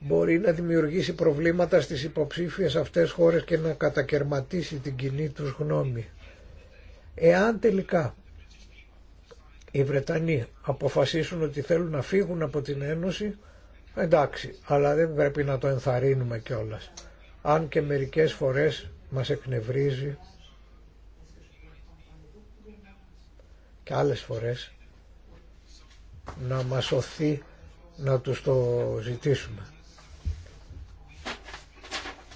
μπορεί να δημιουργήσει προβλήματα στις υποψήφιες αυτές χώρες και να κατακαιρματίσει την κοινή τους γνώμη. Εάν τελικά οι Βρετανοί αποφασίσουν ότι θέλουν να φύγουν από την Ένωση, εντάξει, αλλά δεν πρέπει να το ενθαρρύνουμε κιόλα. Αν και μερικές φορές μας εκνευρίζει και άλλες φορές να μας σωθεί να τους το ζητήσουμε.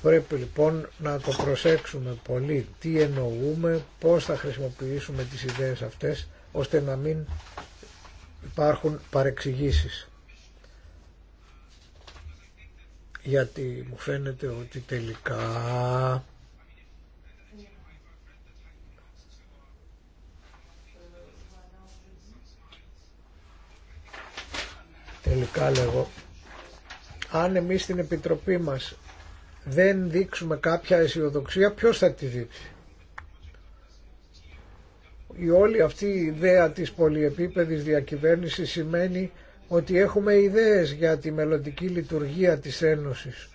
Πρέπει λοιπόν να το προσέξουμε πολύ τι εννοούμε, πώς θα χρησιμοποιήσουμε τις ιδέες αυτές ώστε να μην υπάρχουν παρεξηγήσεις. Γιατί μου φαίνεται ότι τελικά τελικά λέγω αν εμείς στην Επιτροπή μας δεν δείξουμε κάποια αισιοδοξία ποιος θα τη δείξει η όλη αυτή η ιδέα της πολυεπίπεδης διακυβέρνησης σημαίνει ότι έχουμε ιδέες για τη μελλοντική λειτουργία της Ένωσης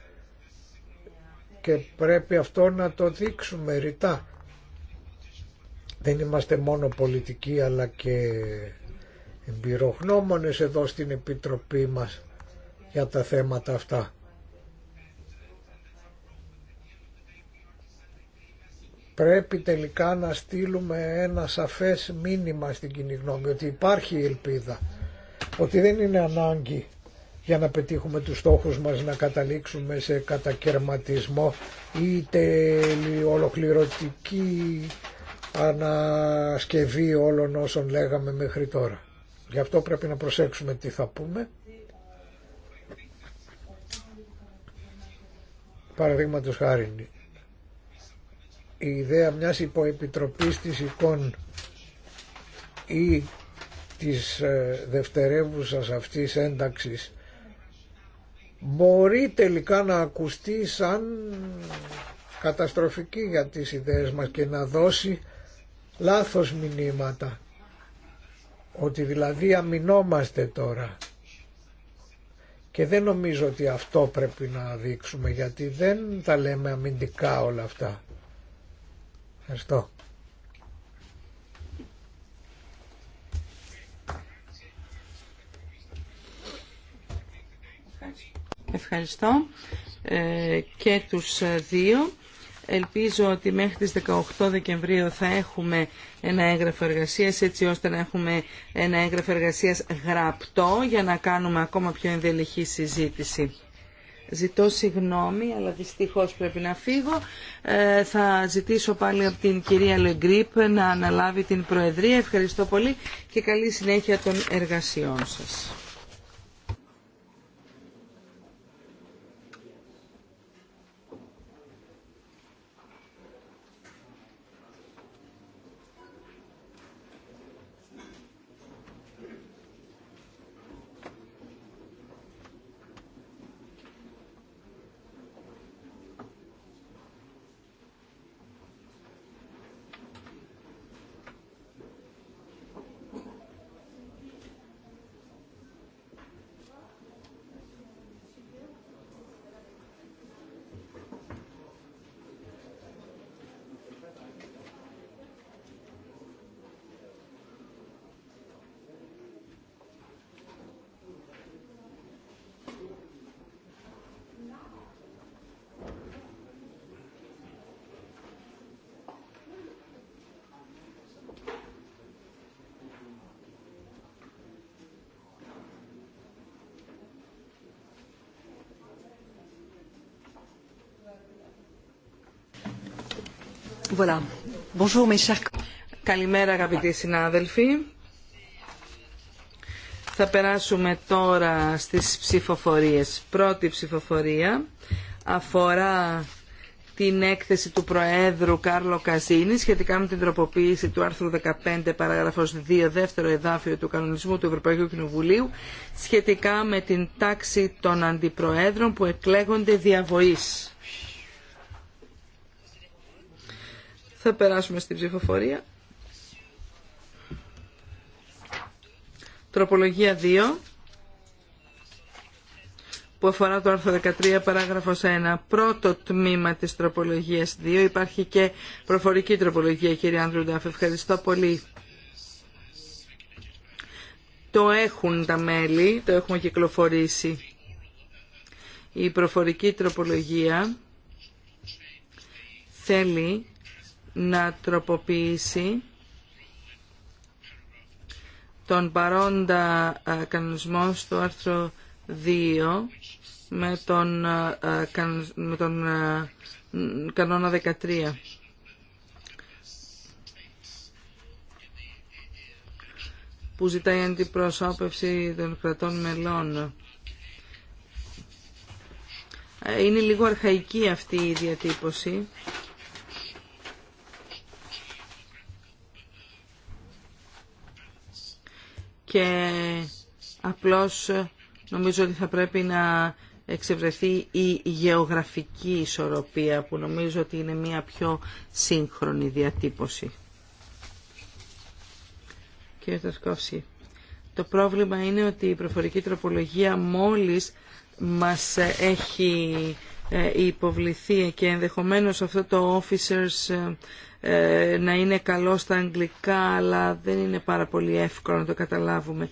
και πρέπει αυτό να το δείξουμε ρητά. Δεν είμαστε μόνο πολιτικοί αλλά και εμπειρογνώμονες εδώ στην Επιτροπή μας για τα θέματα αυτά. πρέπει τελικά να στείλουμε ένα σαφές μήνυμα στην κοινή γνώμη ότι υπάρχει ελπίδα, ότι δεν είναι ανάγκη για να πετύχουμε τους στόχους μας να καταλήξουμε σε κατακαιρματισμό ή ολοκληρωτική ανασκευή όλων όσων λέγαμε μέχρι τώρα. Γι' αυτό πρέπει να προσέξουμε τι θα πούμε. Παραδείγματος χάρη η ιδέα μιας υποεπιτροπής της εικόν ή της ε, δευτερεύουσας αυτής ένταξης μπορεί τελικά να ακουστεί σαν καταστροφική για τις ιδέες μας και να δώσει λάθος μηνύματα ότι δηλαδή αμυνόμαστε τώρα και δεν νομίζω ότι αυτό πρέπει να δείξουμε γιατί δεν τα λέμε αμυντικά όλα αυτά Ευχαριστώ. Ευχαριστώ ε, και τους ε, δύο. Ελπίζω ότι μέχρι τις 18 Δεκεμβρίου θα έχουμε ένα έγγραφο εργασίας έτσι ώστε να έχουμε ένα έγγραφο εργασίας γραπτό για να κάνουμε ακόμα πιο ενδελεχή συζήτηση. Ζητώ συγγνώμη, αλλά δυστυχώς πρέπει να φύγω. Ε, θα ζητήσω πάλι από την κυρία Λεγκρίπ να αναλάβει την Προεδρία. Ευχαριστώ πολύ και καλή συνέχεια των εργασιών σας. Καλημέρα αγαπητοί συνάδελφοι. Θα περάσουμε τώρα στις ψηφοφορίες. Πρώτη ψηφοφορία αφορά την έκθεση του Προέδρου Κάρλο Καζίνη σχετικά με την τροποποίηση του άρθρου 15 παράγραφος 2 δεύτερο εδάφιο του κανονισμού του Ευρωπαϊκού Κοινοβουλίου σχετικά με την τάξη των αντιπροέδρων που εκλέγονται διαβοής. Θα περάσουμε στην ψηφοφορία. Τροπολογία 2 που αφορά το άρθρο 13 παράγραφος 1 πρώτο τμήμα της τροπολογίας 2 υπάρχει και προφορική τροπολογία κύριε Άνδρου Ντάφ ευχαριστώ πολύ το έχουν τα μέλη το έχουμε κυκλοφορήσει η προφορική τροπολογία θέλει να τροποποιήσει τον παρόντα ε, κανονισμό στο άρθρο 2 με τον, ε, ε, με τον κανόνα 13. που ζητάει αντιπροσώπευση των κρατών μελών. Είναι λίγο αρχαϊκή αυτή η διατύπωση. και απλώς νομίζω ότι θα πρέπει να εξευρεθεί η γεωγραφική ισορροπία που νομίζω ότι είναι μια πιο σύγχρονη διατύπωση. Κύριε Τασκόφση, το πρόβλημα είναι ότι η προφορική τροπολογία μόλις μας έχει η ε, υποβληθεί και ενδεχομένως αυτό το officers ε, ε, να είναι καλό στα αγγλικά αλλά δεν είναι πάρα πολύ εύκολο να το καταλάβουμε.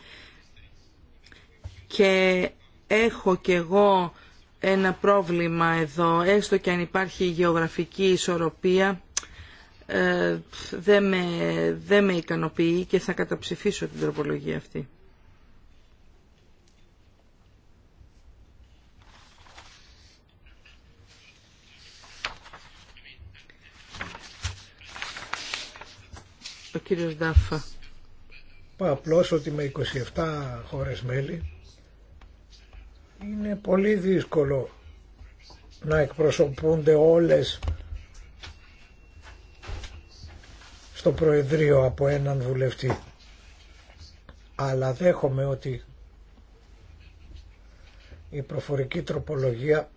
Και έχω κι εγώ ένα πρόβλημα εδώ, έστω και αν υπάρχει γεωγραφική ισορροπία, δεν, με, δεν με ικανοποιεί και θα καταψηφίσω την τροπολογία αυτή. ο κύριος Ντάφα. Πα ότι με 27 χώρες μέλη είναι πολύ δύσκολο να εκπροσωπούνται όλες στο Προεδρείο από έναν βουλευτή. Αλλά δέχομαι ότι η προφορική τροπολογία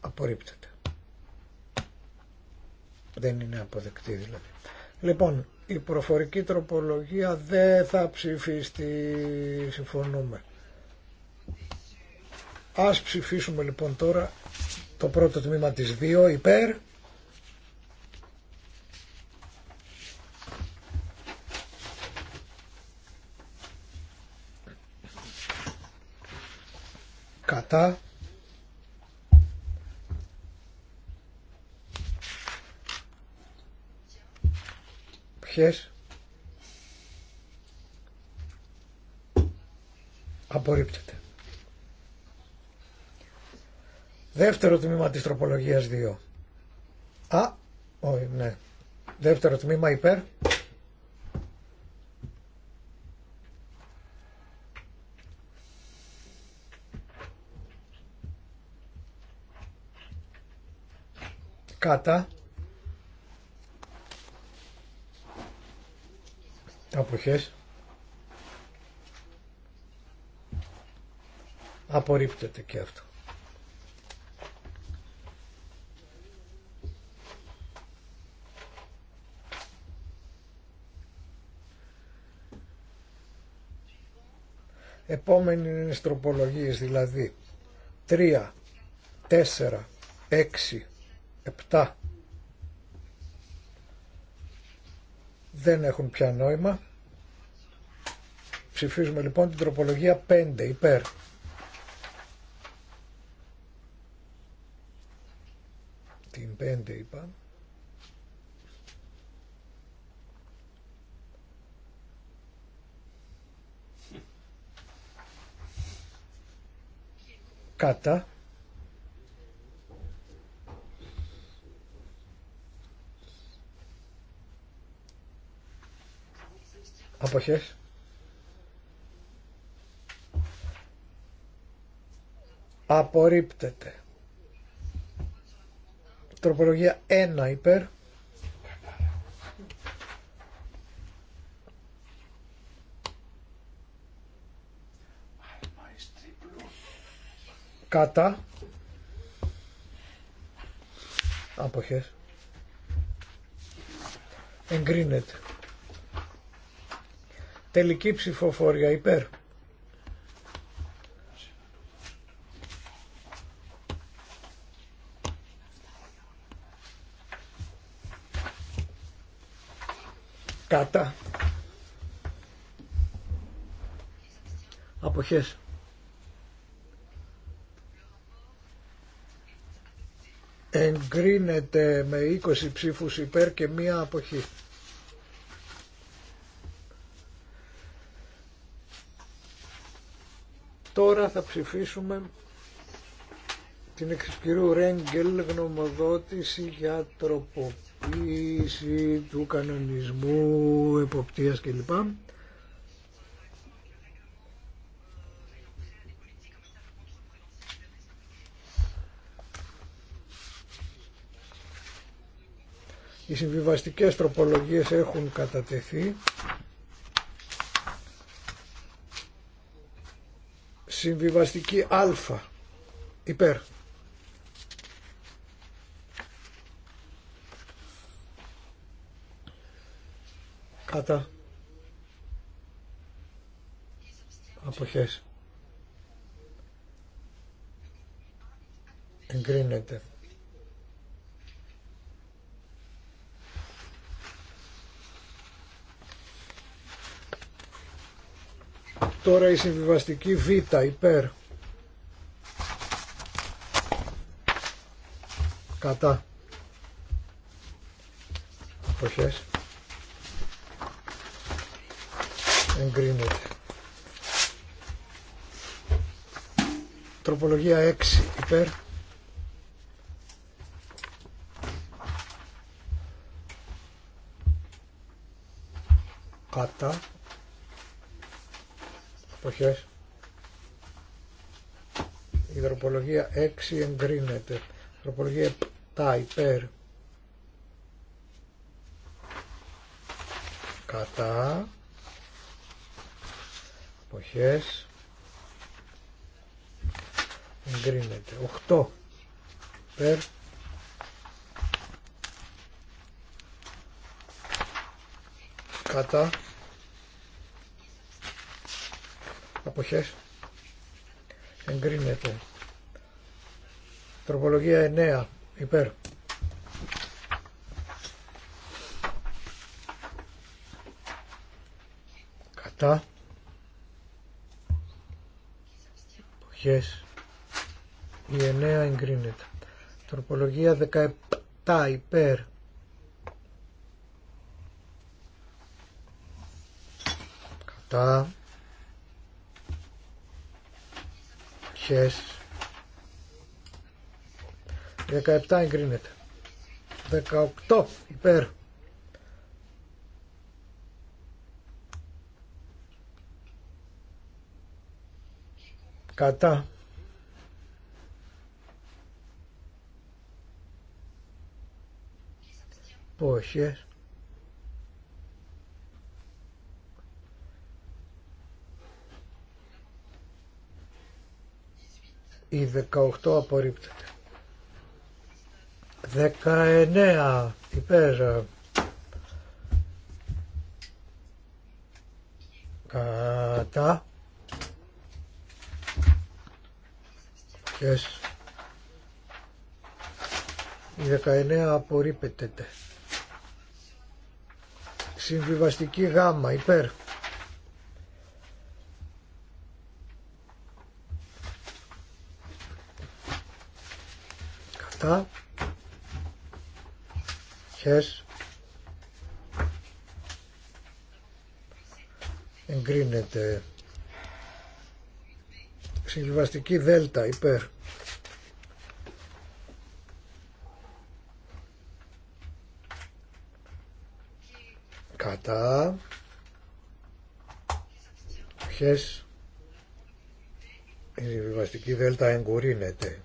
απορρίπτεται. Δεν είναι αποδεκτή δηλαδή. Λοιπόν, η προφορική τροπολογία δεν θα ψηφιστεί, συμφωνούμε. Ας ψηφίσουμε λοιπόν τώρα το πρώτο τμήμα της 2 υπέρ. Κατά. Απορρίπτεται. Δεύτερο τμήμα της τροπολογίας 2. Α, όχι, ναι. Δεύτερο τμήμα υπέρ. Κατά. αποχές απορρίπτεται και αυτό. Επόμενη είναι δηλαδή 3, 4, 6, 7 δεν έχουν πια νόημα. Ψηφίζουμε λοιπόν την τροπολογία 5 υπέρ. Την 5 είπα. Κατά. Αποχές. απορρίπτεται. Τροπολογία 1 υπέρ. Κατά. Αποχές. Εγκρίνεται. Τελική ψηφοφορία υπέρ. Κατά. Αποχές. Εγκρίνεται με 20 ψήφους υπέρ και μία αποχή. Τώρα θα ψηφίσουμε την εξυπηρού Ρέγγελ γνωμοδότηση για τροποποίηση του κανονισμού εποπτείας κλπ. Οι συμβιβαστικές τροπολογίες έχουν κατατεθεί. Συμβιβαστική α, υπέρ. κατά αποχές εγκρίνεται Τώρα η συμβιβαστική Β υπέρ κατά αποχές εγκρίνεται. Τροπολογία 6 υπέρ. Κατά. Αποχές. Η τροπολογία 6 εγκρίνεται. Τροπολογία 7 υπέρ. Κατά εποχές εγκρίνεται 8 περ κατά εποχές εγκρίνεται τροπολογία 9 υπέρ κατά αποχές η εννέα εγκρίνεται τροπολογία 17 υπέρ κατά χες 17 εγκρίνεται 18 υπέρ κατά πόχες η 18 απορρίπτεται 19 υπέρ κατά αποχές η 19 απορρίπτεται συμβιβαστική γάμα υπέρ κατά χες εγκρίνεται Συμβιβαστική Δέλτα υπέρ. Κατά. Ποιες. Η συμβιβαστική Δέλτα εγκουρίνεται.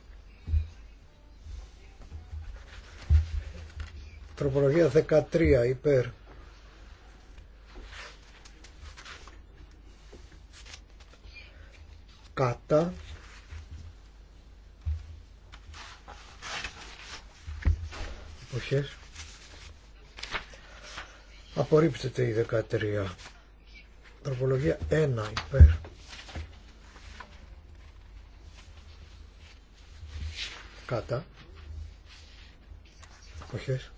Τροπολογία 13 υπέρ. Κατά. Εποχές. Απορρίπτεται η 13. Τροπολογία 1 υπέρ. Κατά. Εποχές.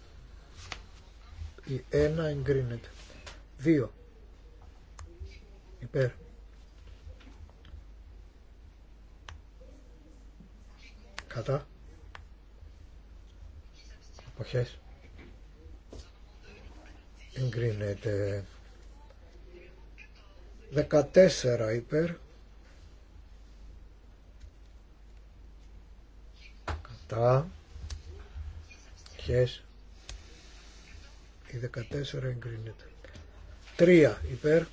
Η 1 εγκρίνεται. 2. Υπέρ. Κατά. εποχές Εγκρίνεται. 14 υπέρ. Κατά. εποχές Η 14 εγκρίνεται. 3 υπέρ.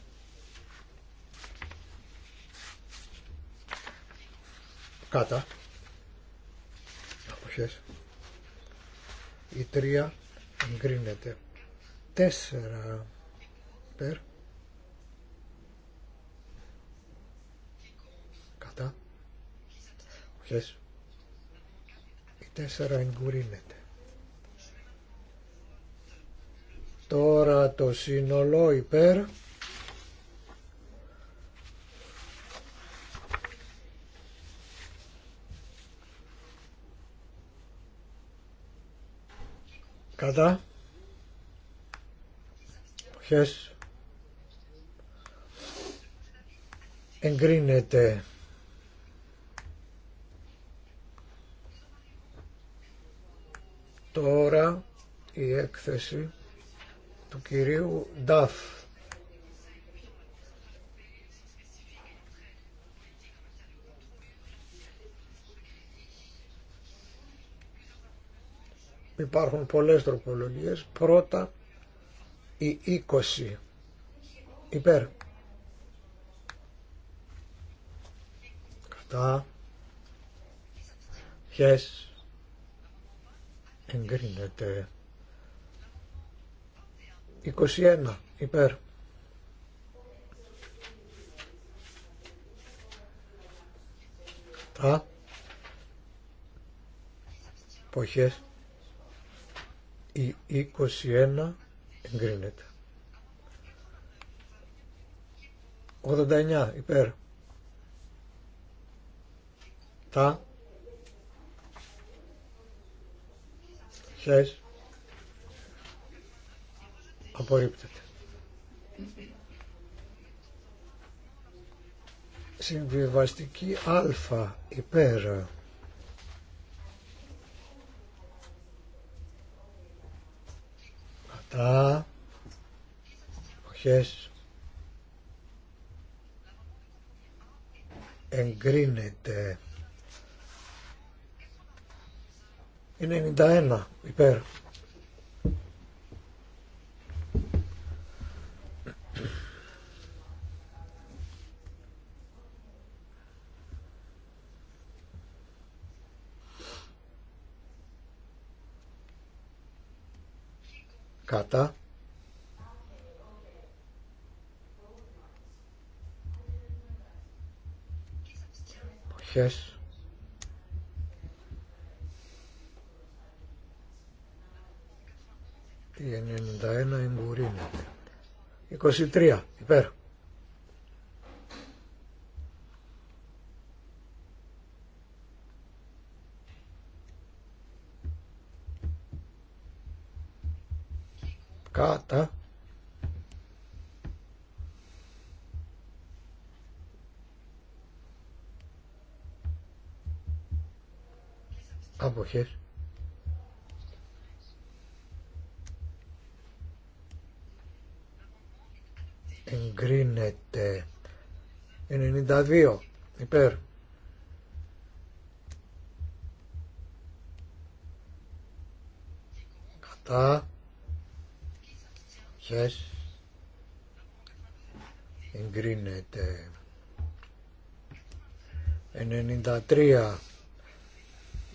Κάτα. Οι η τρία εγκρίνεται τέσσερα περ κατά ψυχές η τέσσερα εγκρίνεται τώρα το σύνολο υπέρ κατά αποχές εγκρίνεται τώρα η έκθεση του κυρίου Νταφ Υπάρχουν πολλές τροπολογίες. Πρώτα η 20 υπέρ. Κατά. Yes. Εγκρίνεται. 21 υπέρ. Κατά. Ποχές. Η 21 εγκρίνεται. 89 υπέρ. Τα. Χες. Απορρίπτεται. Συμβιβαστική α υπέρ. κατά εποχές εγκρίνεται. Είναι 91 υπέρ αυτά. Ποχές. Τι είναι 91 εμπορίνεται. 23 υπέρ. αποχές εγκρίνεται 92 υπέρ κατά χες εγκρίνεται 93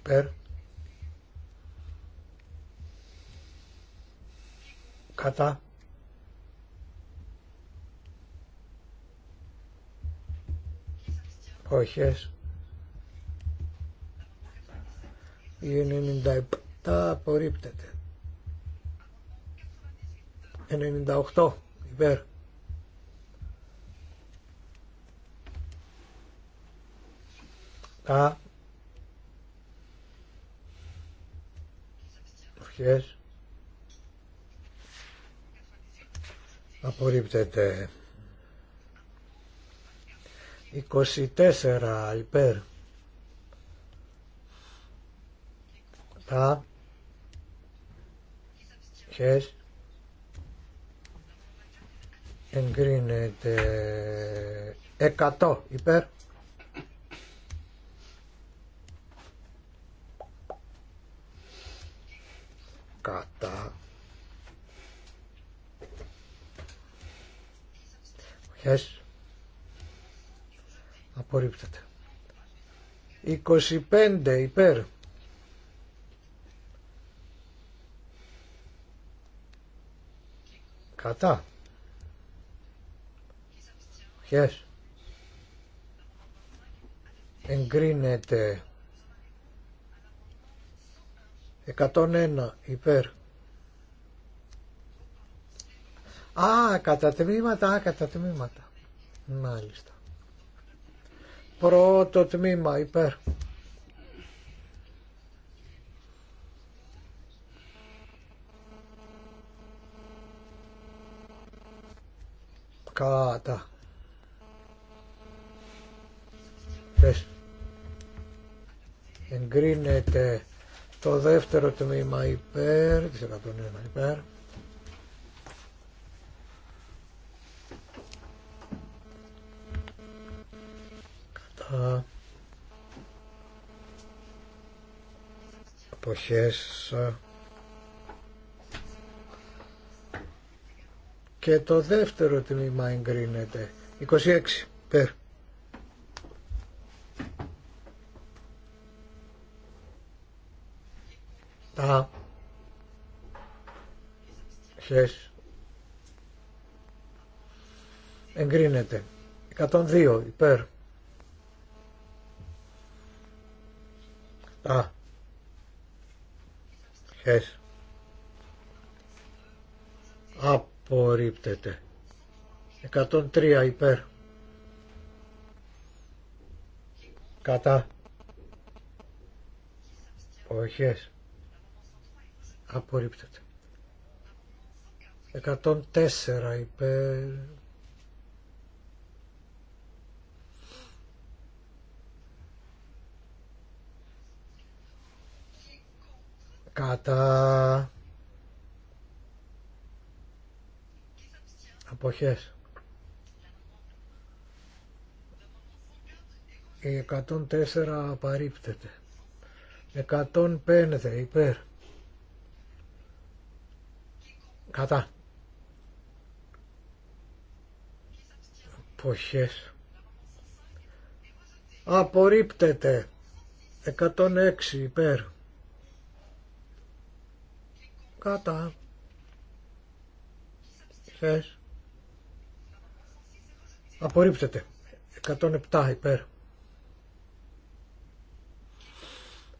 υπέρ κατά όχιες η 97 απορρίπτεται 98 υπέρ τα Αποχές. Απορρίπτεται. 24 υπέρ. Τα. Χες. Εγκρίνεται 100 υπέρ. κατά Yes. Απορρίπτεται. 25 υπέρ. Κατά. Yes. Εγκρίνεται 101 υπέρ. Α, κατά τμήματα, α, κατά τμήματα. Μάλιστα. Πρώτο τμήμα υπέρ. Κατά. Εγκρίνεται το δεύτερο τμήμα υπέρ, της 101 υπέρ. Κατά. Αποχές. Και το δεύτερο τμήμα εγκρίνεται. 26 υπέρ. κατά χες εγκρίνεται 102 υπέρ α χες απορρίπτεται 103 υπέρ κατά οχές απορρίπτεται. 104 υπέρ κατά αποχές. Η 104 απαρρίπτεται. 105 υπέρ. Κατά. Αποχές. Απορρίπτεται. 106 υπέρ. Κατά. Χες. Απορρίπτεται. 107 υπέρ.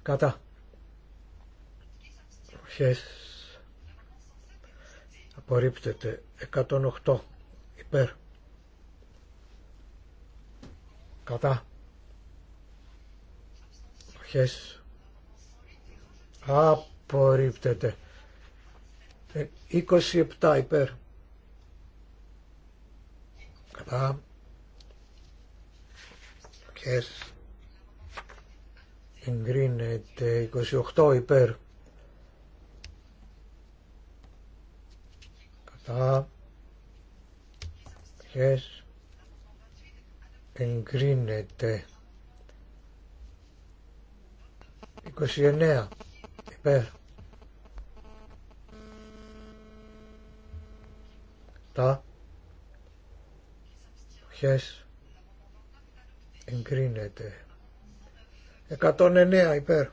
Κατά. Χες Απορρίπτεται 108 υπέρ. Κατά. Αποχές. Απορρίπτεται. 27 ε, υπέρ. Κατά. Αποχές. Εγκρίνεται 28 υπέρ. Τα χες εγκρίνεται 29 υπέρ τα χες εγκρίνεται 109 υπέρ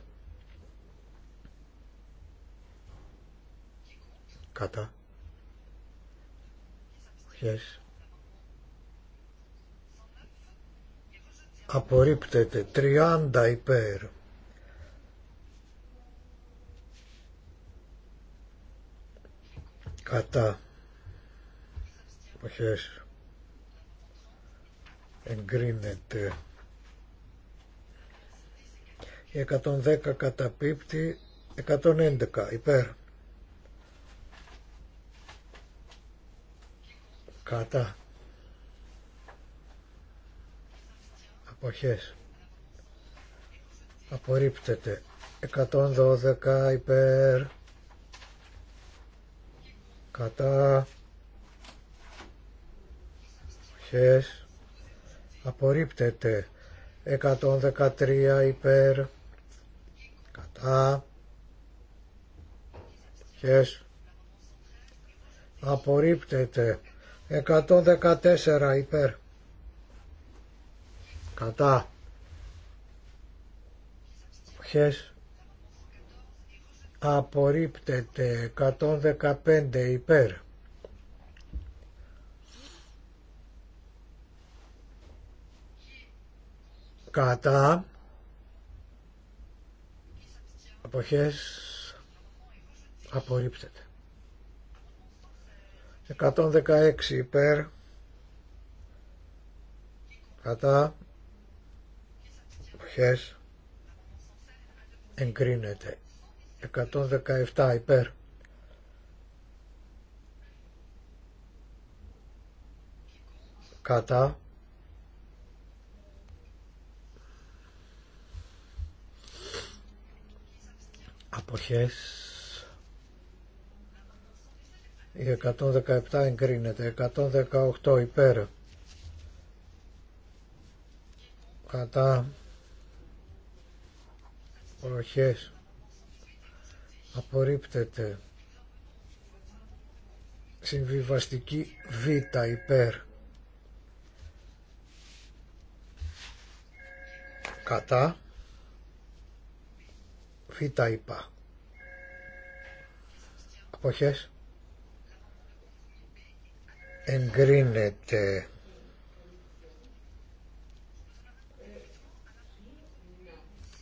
κατά Αποχές. Απορρίπτεται. 30 υπέρ. Κατά. εποχές Εγκρίνεται. Η 110 καταπίπτει. 111 υπέρ. κατά αποχές απορρίπτεται 112 υπέρ κατά αποχές απορρίπτεται 113 υπέρ κατά αποχές απορρίπτεται 114 υπέρ. Κατά. Χες. Απορρίπτεται 115 υπέρ. Κατά. Αποχές. Απορρίπτεται. 116 υπέρ κατά χες εγκρίνεται 117 υπέρ κατά αποχές η 117 εγκρίνεται. 118 υπέρ. Κατά. προχές Απορρίπτεται. Συμβιβαστική Β υπέρ. Κατά. Β υπά. Αποχές εγκρίνεται.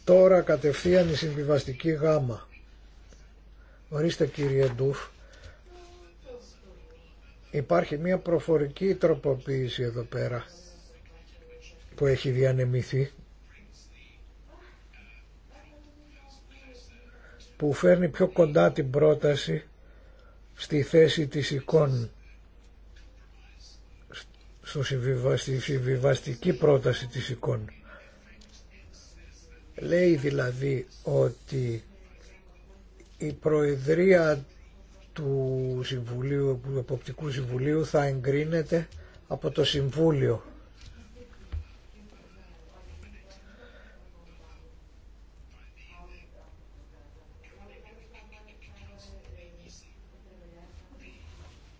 Τώρα κατευθείαν η συμβιβαστική γάμα. Ορίστε κύριε Ντούφ. Υπάρχει μια προφορική τροποποίηση εδώ πέρα που έχει διανεμηθεί που φέρνει πιο κοντά την πρόταση στη θέση της εικόνης στο στη συμβιβαστική πρόταση της εικόν. Λέει δηλαδή ότι η Προεδρία του Συμβουλίου, του Εποπτικού Συμβουλίου θα εγκρίνεται από το Συμβούλιο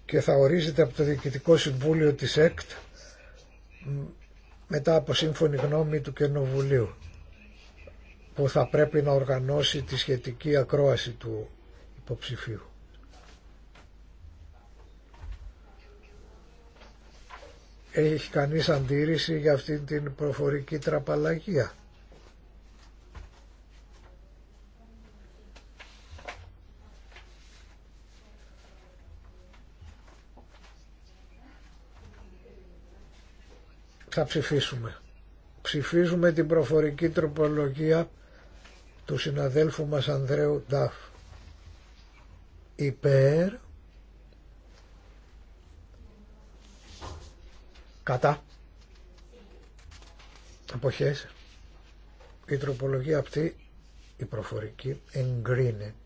και θα ορίζεται από το Διοικητικό Συμβούλιο της ΕΚΤ μετά από σύμφωνη γνώμη του Κοινοβουλίου που θα πρέπει να οργανώσει τη σχετική ακρόαση του υποψηφίου. Έχει κανείς αντίρρηση για αυτήν την προφορική τραπαλαγία. θα ψηφίσουμε. Ψηφίζουμε την προφορική τροπολογία του συναδέλφου μας Ανδρέου Νταφ. Υπέρ. Κατά. Αποχές. Η τροπολογία αυτή, η προφορική, εγκρίνεται.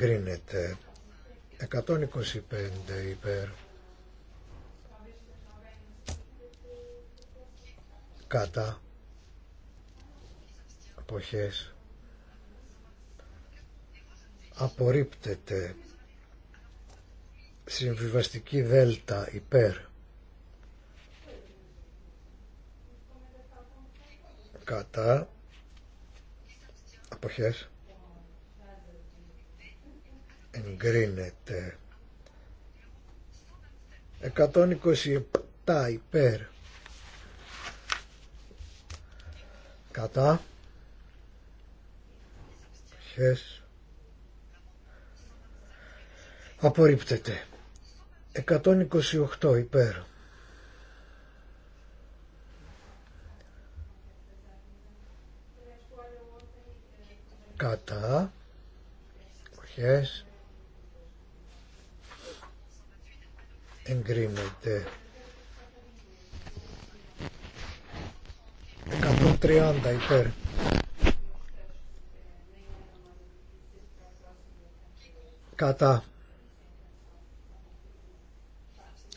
εγκρίνεται 125 υπέρ κατά αποχές απορρίπτεται συμβιβαστική δέλτα υπέρ κατά αποχές εγκρίνεται 127 υπέρ κατά χες απορρίπτεται 128 υπέρ κατά χες εγκρίνεται 130 υπέρ κατά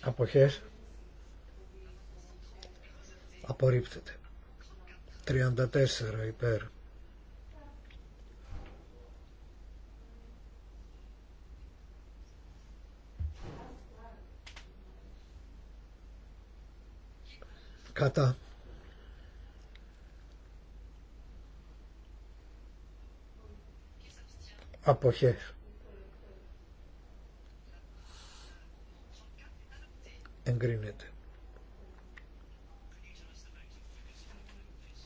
αποχές απορρίπτεται 34 υπέρ κατά αποχές. Εγκρίνεται.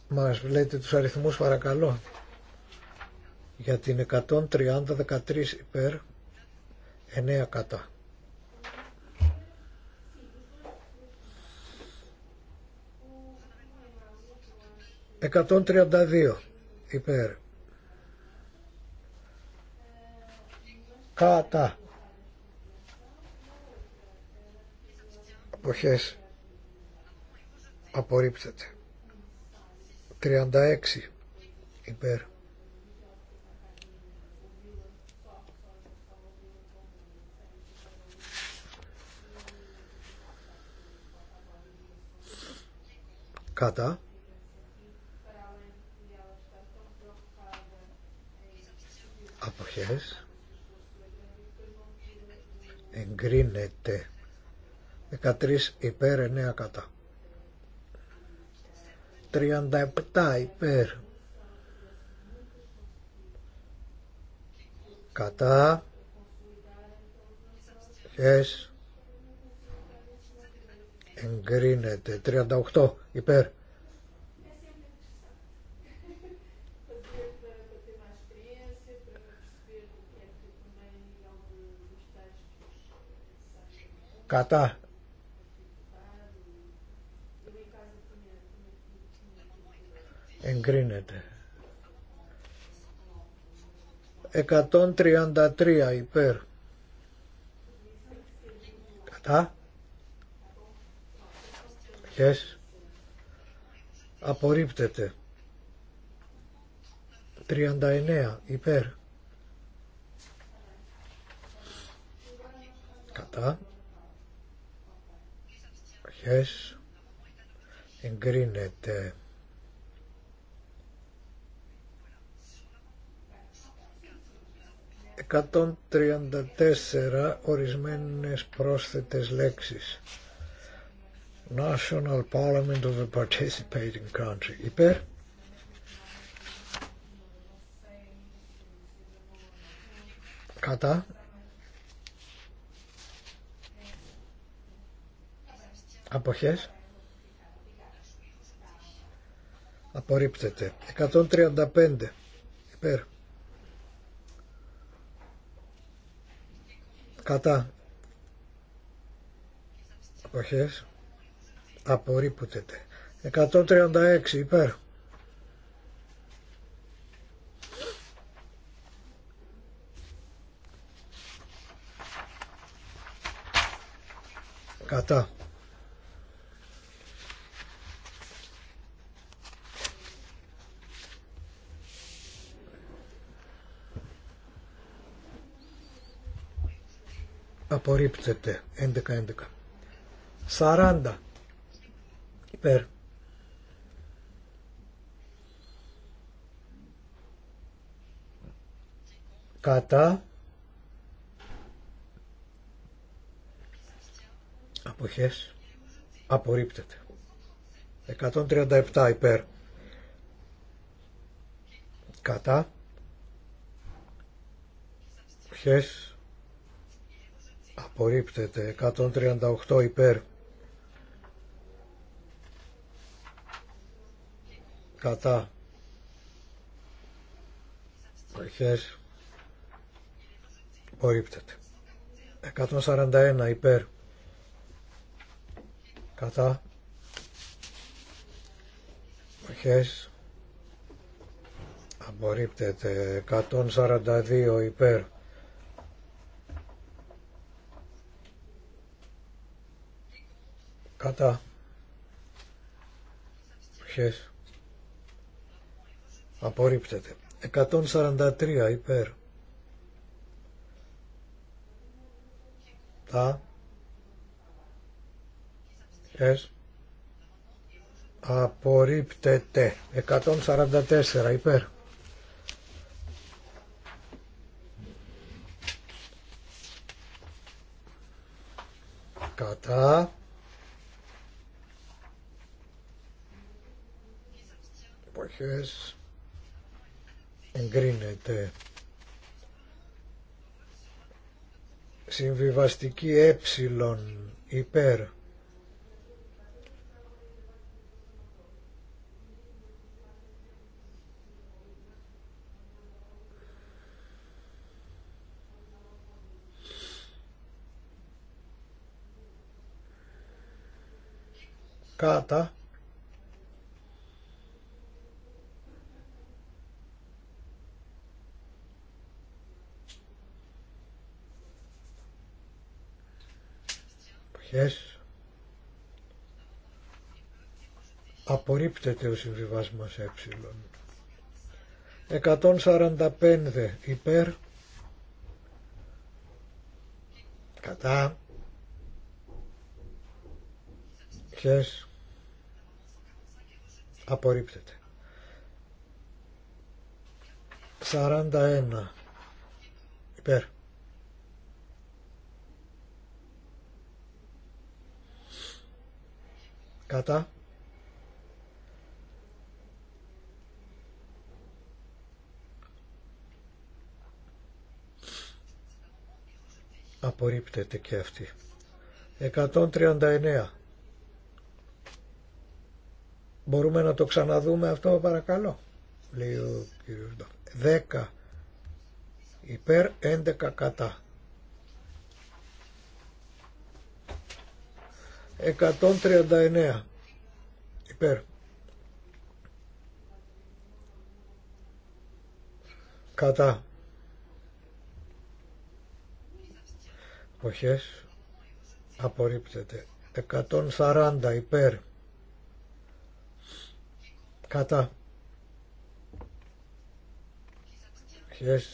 Μας βλέπετε τους αριθμούς παρακαλώ. Για την 130-13 υπέρ, 9 κατά. 132 υπέρ κατά αποχές απορρίπτεται 36 υπέρ κατά εγκρίνεται 13 υπέρ 9 κατά 37 υπέρ κατά εγκρίνεται 38 υπέρ Κατά. Εγκρίνεται. 133 υπέρ. Κατά. Yes. Απορρίπτεται. 39 υπέρ. Κατά εγκρίνεται. 134 ορισμένες πρόσθετες λέξεις. National Parliament of a Participating Country. Υπέρ. Κατά. αποχές απορρίπτεται 135 υπέρ κατά αποχές απορρίπτεται 136 υπέρ κατά απορρίπτεται 11-11 40 υπέρ κατά αποχές απορρίπτεται 137 υπέρ κατά Χές απορρίπτεται 138 υπέρ κατά Προχές. απορρίπτεται 141 υπέρ κατά Προχές. απορρίπτεται 142 υπέρ κατά ποιες απορρίπτεται 143 υπέρ τα ποιες απορρίπτεται 144 υπέρ συμβιβαστική ε υπέρ κατά αποχές απορρίπτεται ο συμβιβασμός ε. 145 υπέρ κατά χες απορρίπτεται 41 υπέρ Κατά. Απορρίπτεται και αυτή. 139. Μπορούμε να το ξαναδούμε αυτό παρακαλώ. Λέει ο κύριος 10 υπέρ 11 κατά. 139 υπέρ κατά εποχές απορρίπτεται 140 υπέρ κατά εποχές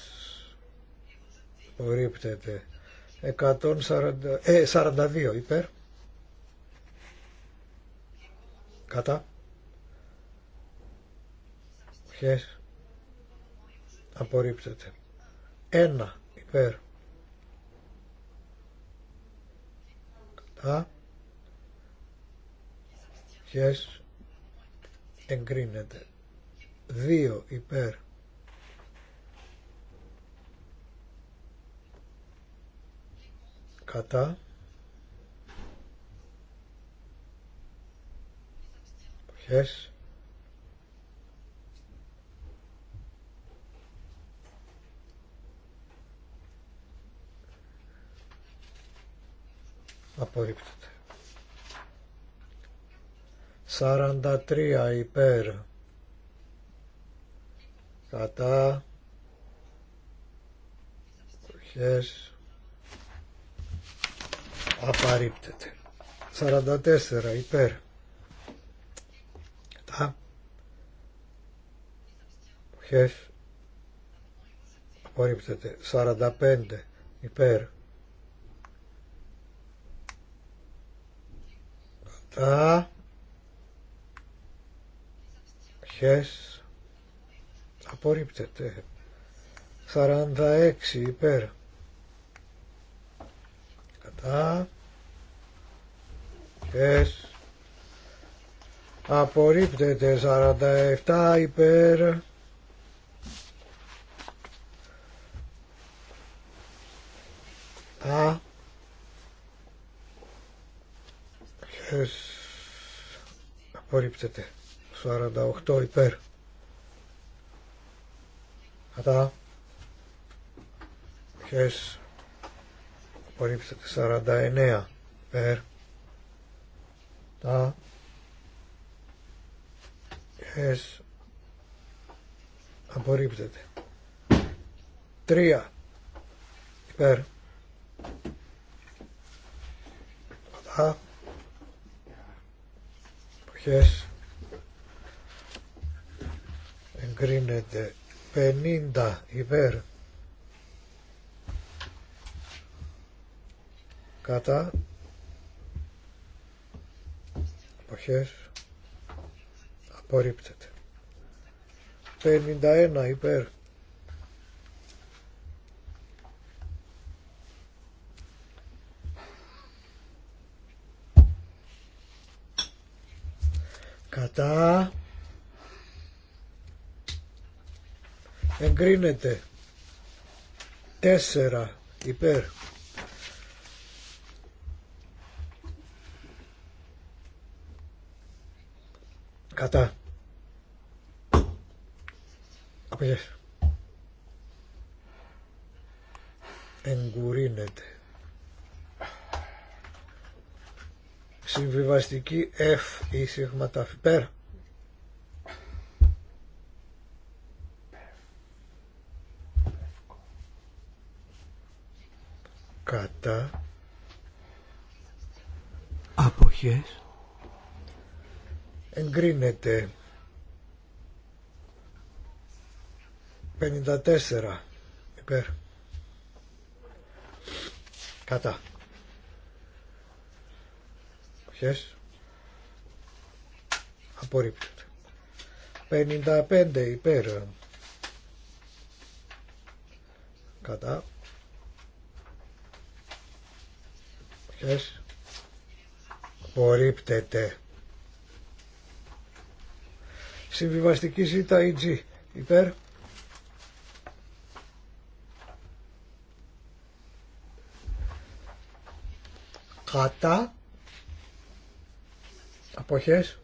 απορρίπτεται 140, ε, 42 υπέρ Κατά. Ποιε. Απορρίπτεται. Ένα υπέρ. Κατά. Ποιε. Εγκρίνεται. Δύο υπέρ. Κατά. αρχές απορρίπτωται. Σαράντα τρία υπέρ κατά αρχές απαρρίπτεται. Σαράντα υπέρ χεφ απορρίπτεται 45 υπέρ κατά χες απορρίπτεται 46 υπέρ κατά χες απορρίπτεται 47 υπέρ απορρίπτεται. 48 υπέρ. Κατά. Χες. Απορρίπτεται. 49 υπέρ. Τα. Χες. Απορρίπτεται. 3 υπέρ. Κατά αποχές εγκρίνεται 50 υπέρ κατά αποχές απορρίπτεται 51 υπέρ μετά Εγκρίνεται. 4 υπέρ. Κατά. Αποχές. Εγκουρίνεται. Συμβιβαστική F ή σίγμα τάφη. Πέρα. Κατά. Αποχές. Εγκρίνεται. 54 υπέρ κατά Αποχές. Απορρίπτεται. 55 υπέρ. Κατά. Ποιες. Απορρίπτεται. Συμβιβαστική ζήτα ή Υπέρ. Κατά Εποχές.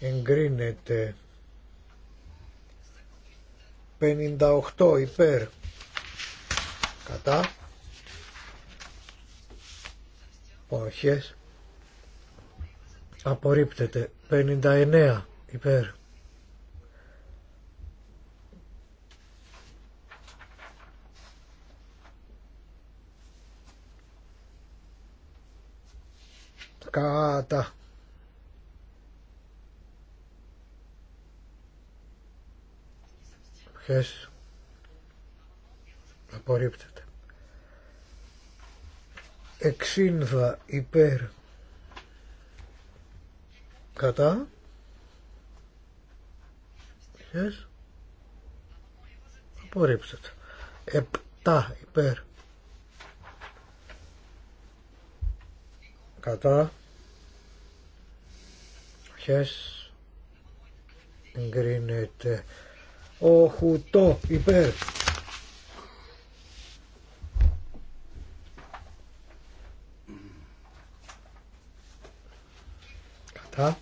εγκρίνεται 58 υπέρ κατά Εποχές. απορρίπτεται 59 υπέρ κατά. Ποιες απορρίπτεται. εξήντα υπέρ κατά. Ποιες απορρίπτεται. Επτά υπέρ κατά ποιες εγκρίνεται. Ο Χουτό υπέρ. Κατά.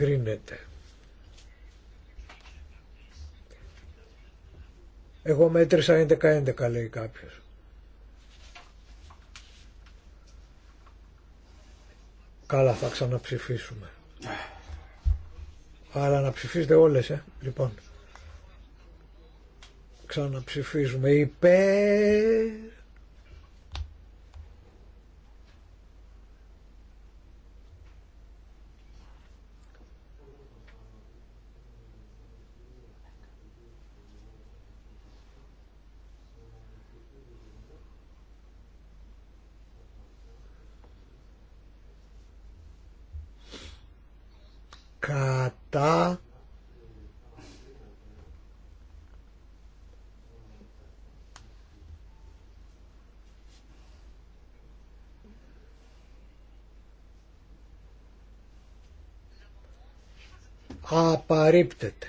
εγκρίνεται. Εγώ μέτρησα 11-11 λέει κάποιος. Καλά θα ξαναψηφίσουμε. Αλλά να ψηφίσετε όλες, ε. Λοιπόν, ξαναψηφίζουμε υπέρ απορρίπτεται.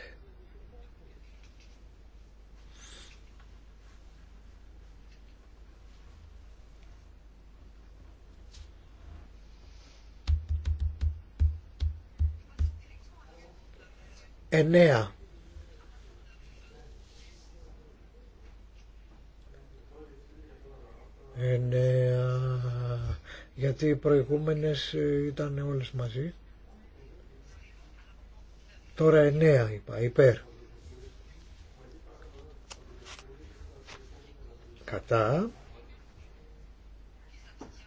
Εννέα. Εννέα. Γιατί οι προηγούμενες ήταν όλες μαζί. Τώρα 9 είπα, υπέρ. Κατά.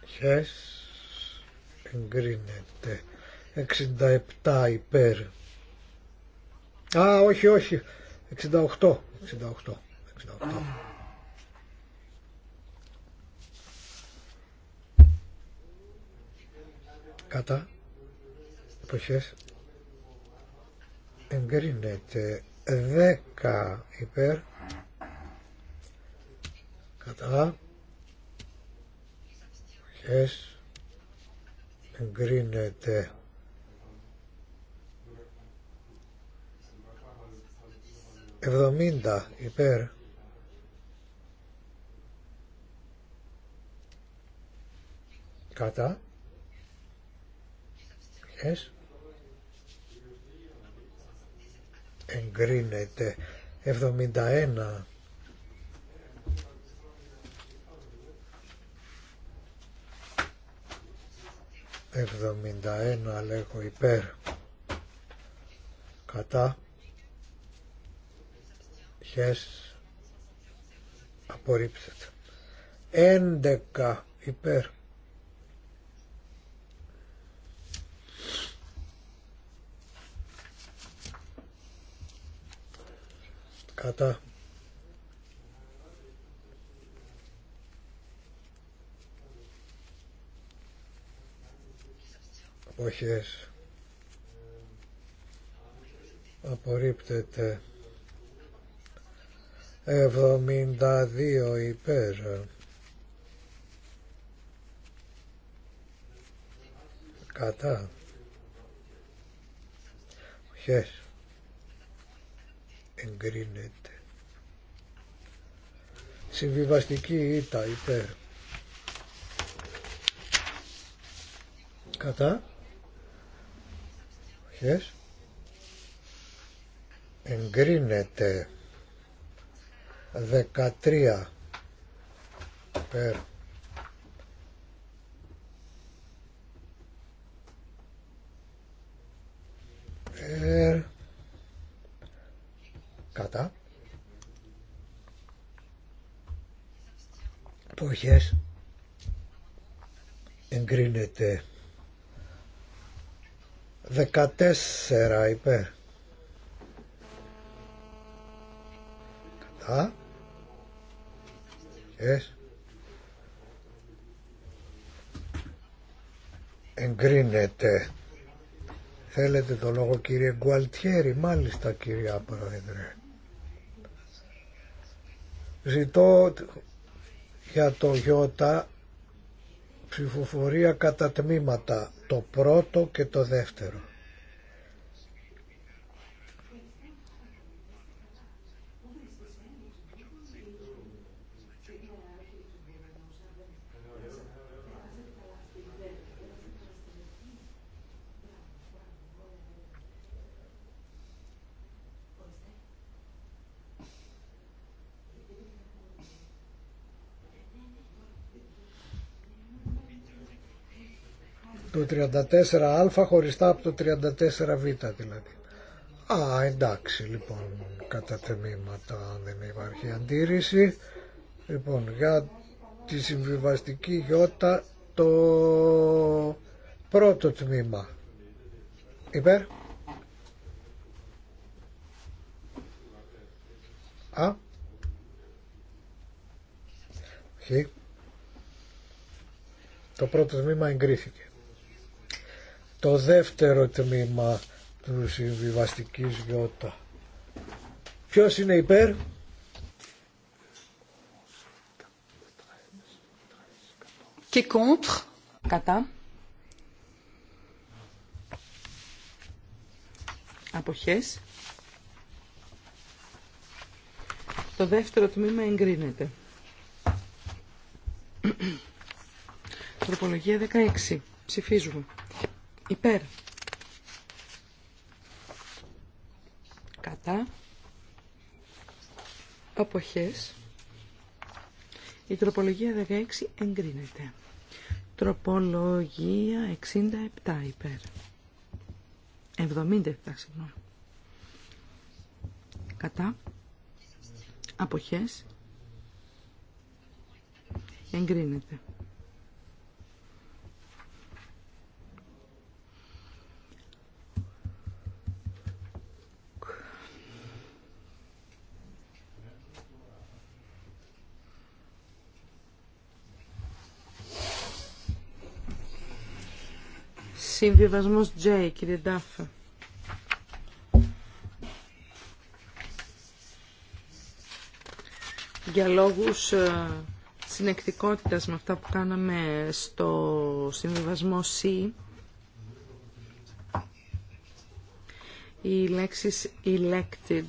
Χες. Εγκρίνεται. 67 υπέρ. Α, όχι, όχι. 68. 68. 68. 68. Κατά. Εποχές εγκρίνεται δέκα υπέρ κατά χες εγκρίνεται εβδομήντα υπέρ κατά χες εγκρίνεται 71 71 λέγω υπέρ κατά χες απορρίψετε 11 υπέρ 11 κατά αποχές απορρίπτεται 72 υπέρ κατά αποχές εγκρίνεται. Συμβιβαστική ήττα υπέρ. Κατά. Χες. Εγκρίνεται. δεκατρία υπέρ. εγκρίνεται 14 είπε κατά εγκρίνεται Θέλετε το λόγο κύριε Γκουαλτιέρη, μάλιστα κυρία Πρόεδρε. Ζητώ για το γιοτά ψηφοφορία κατά τμήματα, το πρώτο και το δεύτερο. 34α χωριστά από το 34β δηλαδή. Α, εντάξει λοιπόν, κατά κατα τμηματα δεν υπάρχει αντίρρηση. Λοιπόν, για τη συμβιβαστική γιώτα το πρώτο τμήμα. Υπέρ. Α. Χ. Το πρώτο τμήμα εγκρίθηκε το δεύτερο τμήμα του συμβιβαστική γιώτα. Ποιος είναι υπέρ? Και contre. Κατά. Αποχές. Το δεύτερο τμήμα εγκρίνεται. Τροπολογία 16. Ψηφίζουμε υπέρ κατά αποχές η τροπολογία 16 εγκρίνεται τροπολογία 67 υπέρ 77 συγγνώμη κατά αποχές εγκρίνεται Συμβιβασμός J, κύριε Ντάφα. Για λόγους ε, συνεκτικότητας με αυτά που κάναμε στο συμβιβασμό C, οι λέξει elected,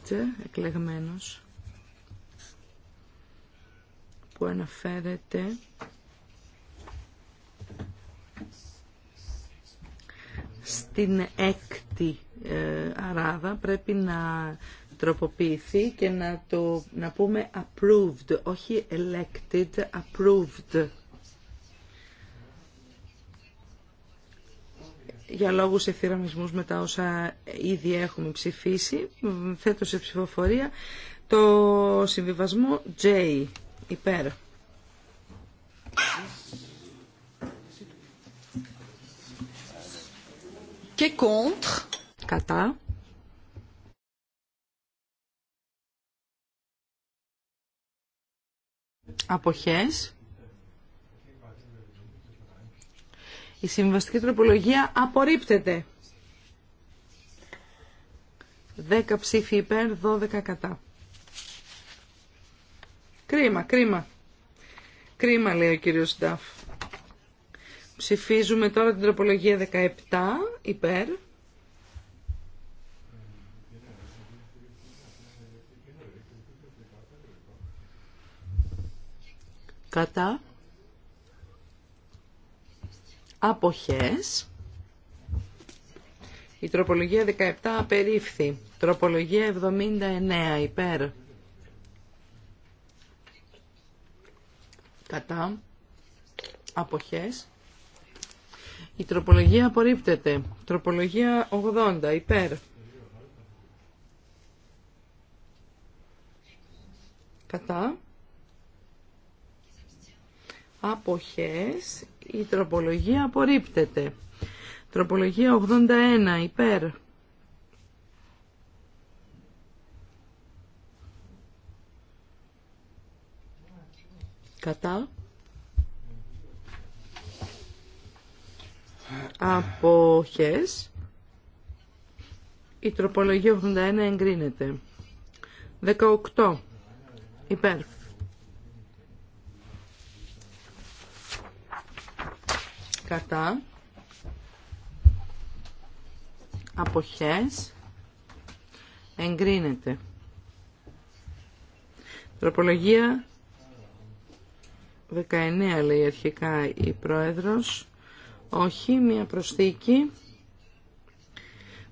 εκλεγμένος, που αναφέρεται την έκτη ε, αράδα πρέπει να τροποποιηθεί και να το να πούμε approved, όχι elected, approved. για λόγους εθυραμισμούς με τα όσα ήδη έχουμε ψηφίσει, θέτω σε ψηφοφορία το συμβιβασμό J, υπέρ. Και contre. Κατά. Αποχές. Η συμβαστική τροπολογία απορρίπτεται. 10 ψήφοι υπέρ, 12 κατά. Κρίμα, κρίμα. Κρίμα λέει ο κύριος Νταφ. Ψηφίζουμε τώρα την τροπολογία 17 υπέρ. Κατά. Αποχές. Η τροπολογία 17 απερίφθη. Τροπολογία 79 υπέρ. Κατά. Αποχές. Η τροπολογία απορρίπτεται. Τροπολογία 80 υπέρ. Κατά. Αποχές. Η τροπολογία απορρίπτεται. Τροπολογία 81 υπέρ. Κατά. Αποχές. Η τροπολογία 81 εγκρίνεται. 18. Υπέρ. Κατά. Αποχές. Εγκρίνεται. Τροπολογία 19 λέει αρχικά η Πρόεδρος. Όχι, μία προσθήκη.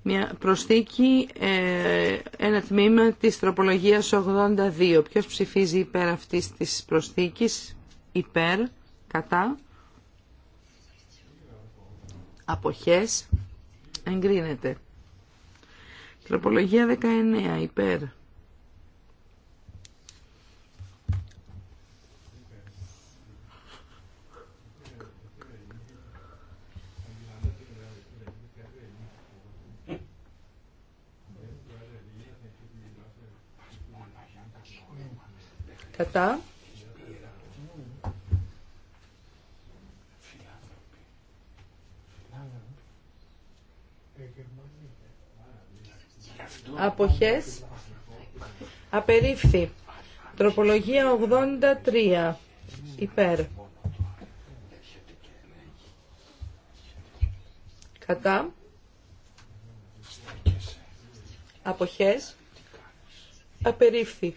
Μία προσθήκη, ε, ένα τμήμα της τροπολογίας 82. Ποιος ψηφίζει υπέρ αυτής της προσθήκης, υπέρ, κατά, αποχές, εγκρίνεται. Τροπολογία 19, υπέρ. Κατά. Αποχές. Απερίφθη. Τροπολογία 83. Υπέρ. Κατά. Αποχές. Απερίφθη.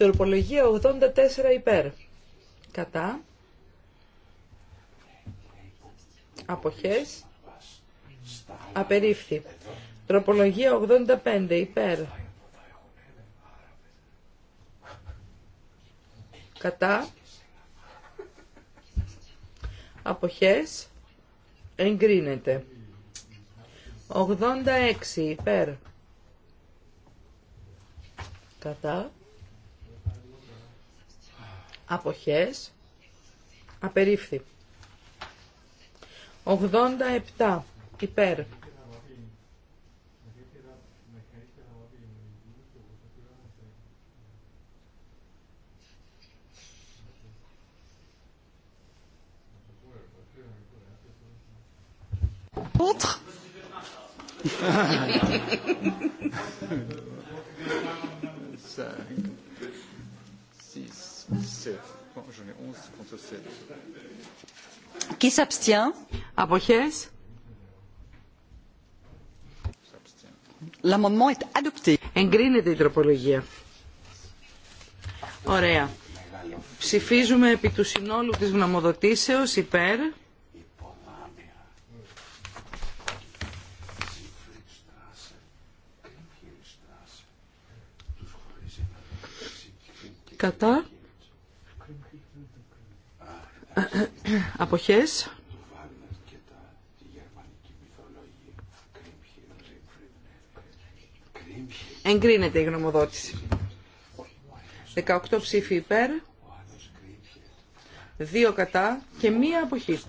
Τροπολογία 84 υπέρ. Κατά. Αποχές. Απερίφθη. Τροπολογία 85 υπέρ. Κατά. Αποχές. Εγκρίνεται. 86 υπέρ. Κατά αποχές απερίφθη 87 υπέρ Contre Qui s'abstient Αποχές. L'amendement est adopté. Εγκρίνεται η τροπολογία. Ωραία. Ψηφίζουμε επί του συνόλου της γνωμοδοτήσεως υπέρ. Κατά. Αποχές. Εγκρίνεται η γνωμοδότηση. 18 ψήφοι υπέρ, 2 κατά και μία αποχή.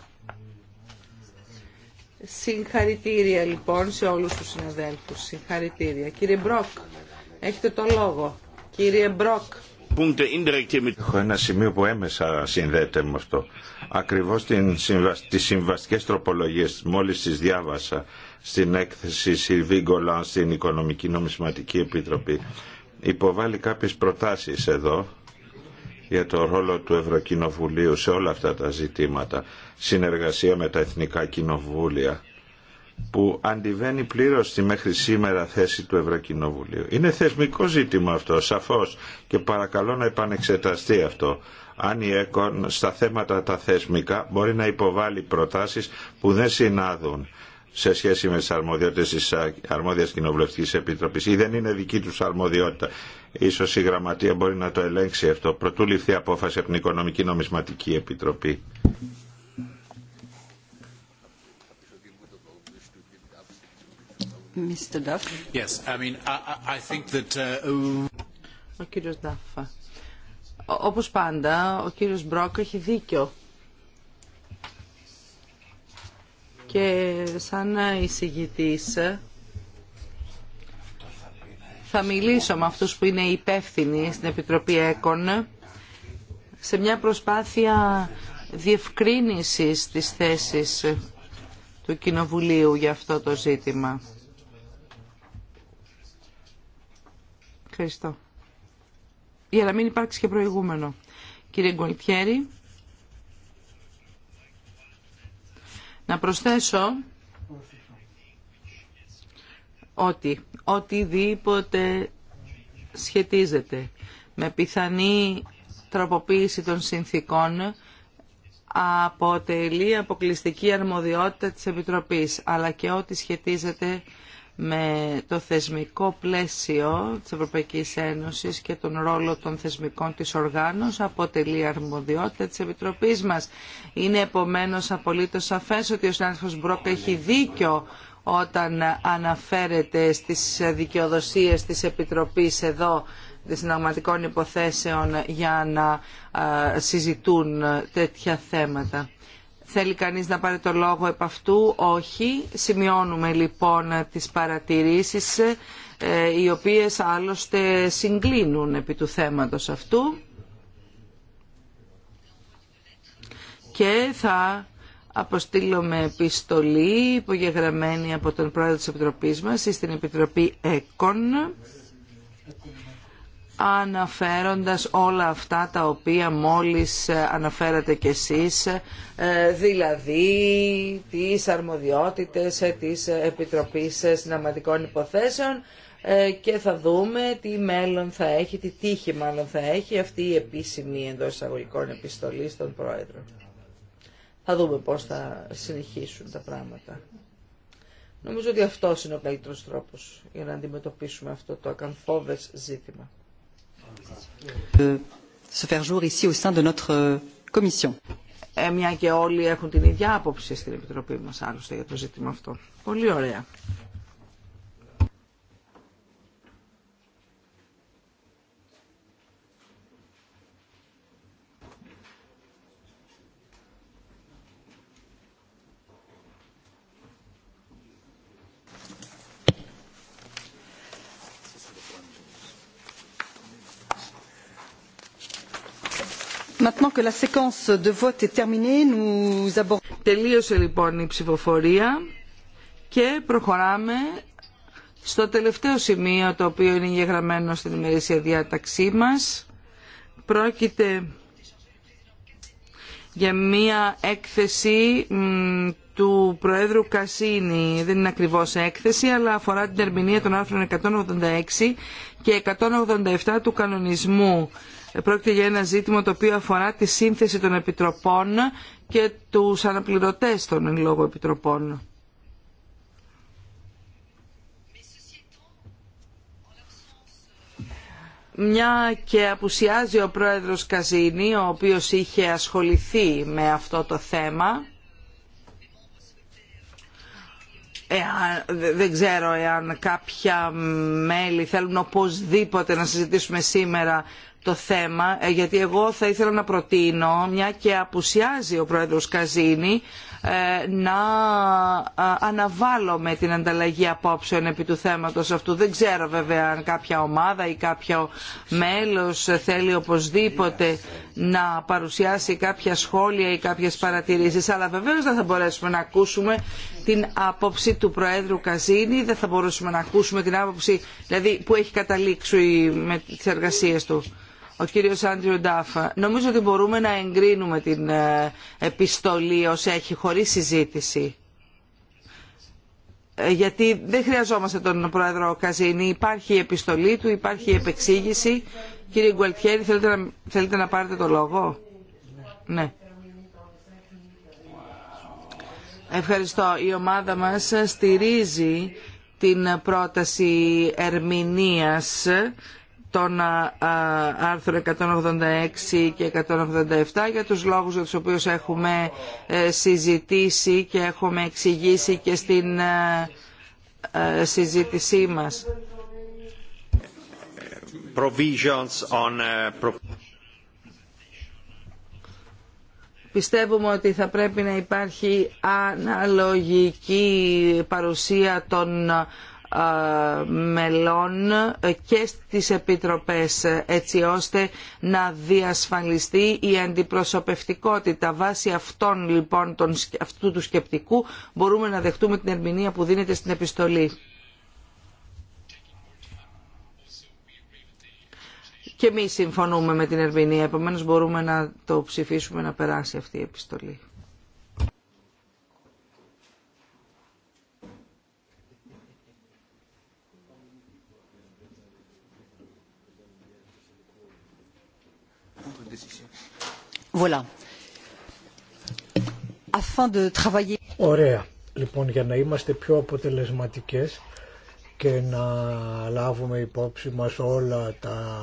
Συγχαρητήρια λοιπόν σε όλους τους συναδέλφους. Συγχαρητήρια. Κύριε Μπρόκ, έχετε το λόγο. Κύριε Μπρόκ. Έχω ένα σημείο που έμεσα συνδέεται με αυτό. Ακριβώς τις συμβαστικές τροπολογίες μόλις τις διάβασα στην έκθεση Σιλβί στην Οικονομική Νομισματική Επιτροπή υποβάλλει κάποιες προτάσεις εδώ για το ρόλο του Ευρωκοινοβουλίου σε όλα αυτά τα ζητήματα. Συνεργασία με τα Εθνικά Κοινοβούλια που αντιβαίνει πλήρως στη μέχρι σήμερα θέση του Ευρωκοινοβουλίου. Είναι θεσμικό ζήτημα αυτό, σαφώς, και παρακαλώ να επανεξεταστεί αυτό. Αν η ΕΚΟΝ στα θέματα τα θεσμικά μπορεί να υποβάλει προτάσεις που δεν συνάδουν σε σχέση με τις αρμοδιότητες της Αρμόδιας Κοινοβουλευτικής Επιτροπής ή δεν είναι δική τους αρμοδιότητα. Ίσως η δεν ειναι δικη του αρμοδιοτητα μπορεί να το ελέγξει αυτό. Προτού ληφθεί απόφαση από την Οικονομική Νομισματική Επιτροπή. Mr. Duff. Yes, Όπως πάντα, ο κύριος Μπρόκ έχει δίκιο. Και σαν εισηγητής θα μιλήσω με αυτούς που είναι υπεύθυνοι στην Επιτροπή ΕΚΟΝ σε μια προσπάθεια διευκρίνησης της θέσης του Κοινοβουλίου για αυτό το ζήτημα. Ευχαριστώ. Για να μην υπάρξει και προηγούμενο. Κύριε Γκολτιέρη, να προσθέσω ότι οτιδήποτε σχετίζεται με πιθανή τροποποίηση των συνθήκων αποτελεί αποκλειστική αρμοδιότητα της Επιτροπής, αλλά και ό,τι σχετίζεται με το θεσμικό πλαίσιο της Ευρωπαϊκής Ένωσης και τον ρόλο των θεσμικών της οργάνωσης αποτελεί αρμοδιότητα της Επιτροπής μας. Είναι επομένως απολύτως σαφές ότι ο συνάδελφος Μπρόκ έχει δίκιο όταν αναφέρεται στις δικαιοδοσίες της Επιτροπής εδώ συναγματικών υποθέσεων για να ε, συζητούν τέτοια θέματα. Θέλει κανείς να πάρει το λόγο επ' αυτού. Όχι. Σημειώνουμε λοιπόν τις παρατηρήσεις ε, οι οποίες άλλωστε συγκλίνουν επί του θέματος αυτού και θα αποστείλουμε επιστολή υπογεγραμμένη από τον πρόεδρο της Επιτροπής μας στην Επιτροπή ΕΚΟΝ αναφέροντας όλα αυτά τα οποία μόλις αναφέρατε κι εσείς, ε, δηλαδή τις αρμοδιότητες ε, της Επιτροπής Συναματικών Υποθέσεων ε, και θα δούμε τι μέλλον θα έχει, τι τύχη μάλλον θα έχει αυτή η επίσημη εντό εισαγωγικών επιστολή στον Πρόεδρο. Θα δούμε πώς θα συνεχίσουν τα πράγματα. Νομίζω ότι αυτό είναι ο καλύτερος τρόπος για να αντιμετωπίσουμε αυτό το ακαμφόβες ζήτημα se faire jour ici au sein de notre euh, ε, μια και όλοι έχουν την ίδια άποψη στην Επιτροπή μας άλλωστε για το ζήτημα αυτό. Τελείωσε λοιπόν η ψηφοφορία και προχωράμε στο τελευταίο σημείο το οποίο είναι γεγραμμένο στην ημερήσια διάταξή μας. Πρόκειται για μία έκθεση του Προέδρου Κασίνη. Δεν είναι ακριβώς έκθεση, αλλά αφορά την ερμηνεία των άρθρων 186 και 187 του κανονισμού Πρόκειται για ένα ζήτημα το οποίο αφορά τη σύνθεση των επιτροπών και του αναπληρωτές των εν λόγω επιτροπών. μια και απουσιάζει ο πρόεδρος Καζίνη, ο οποίος είχε ασχοληθεί με αυτό το θέμα. δεν ξέρω εάν κάποια μέλη θέλουν οπωσδήποτε να συζητήσουμε σήμερα το θέμα, ε, γιατί εγώ θα ήθελα να προτείνω, μια και απουσιάζει ο πρόεδρος Καζίνη, ε, να ε, αναβάλουμε την ανταλλαγή απόψεων επί του θέματος αυτού. Δεν ξέρω βέβαια αν κάποια ομάδα ή κάποιο μέλος θέλει οπωσδήποτε να παρουσιάσει κάποια σχόλια ή κάποιες παρατηρήσεις, αλλά βεβαίως δεν θα μπορέσουμε να ακούσουμε την άποψη του Προέδρου Καζίνη, δεν θα μπορούσαμε να ακούσουμε την άποψη δηλαδή, που έχει καταλήξει με τις εργασίες του ο κύριος Άντριου Ντάφα. Νομίζω ότι μπορούμε να εγκρίνουμε την ε, επιστολή ως έχει χωρίς συζήτηση. Ε, γιατί δεν χρειαζόμαστε τον πρόεδρο Καζίνη. Υπάρχει η επιστολή του, υπάρχει η επεξήγηση. Κύριε Γκουαλτιέρη, θέλετε να, θέλετε να πάρετε το λόγο. Ναι. Ευχαριστώ. Η ομάδα μας στηρίζει την πρόταση ερμηνείας των άρθρων 186 και 187 για τους λόγους για τους οποίους έχουμε ε, συζητήσει και έχουμε εξηγήσει και στην ε, ε, συζήτησή μας. Πιστεύουμε ότι θα πρέπει να υπάρχει αναλογική παρουσία των ε, μελών και στις επιτροπές έτσι ώστε να διασφαλιστεί η αντιπροσωπευτικότητα. Βάσει αυτών, λοιπόν, τον, αυτού του σκεπτικού μπορούμε να δεχτούμε την ερμηνεία που δίνεται στην επιστολή. Και εμεί συμφωνούμε με την ερμηνεία, επομένως μπορούμε να το ψηφίσουμε να περάσει αυτή η επιστολή. Ωραία. Λοιπόν, για να είμαστε πιο αποτελεσματικές και να λάβουμε υπόψη μας όλα τα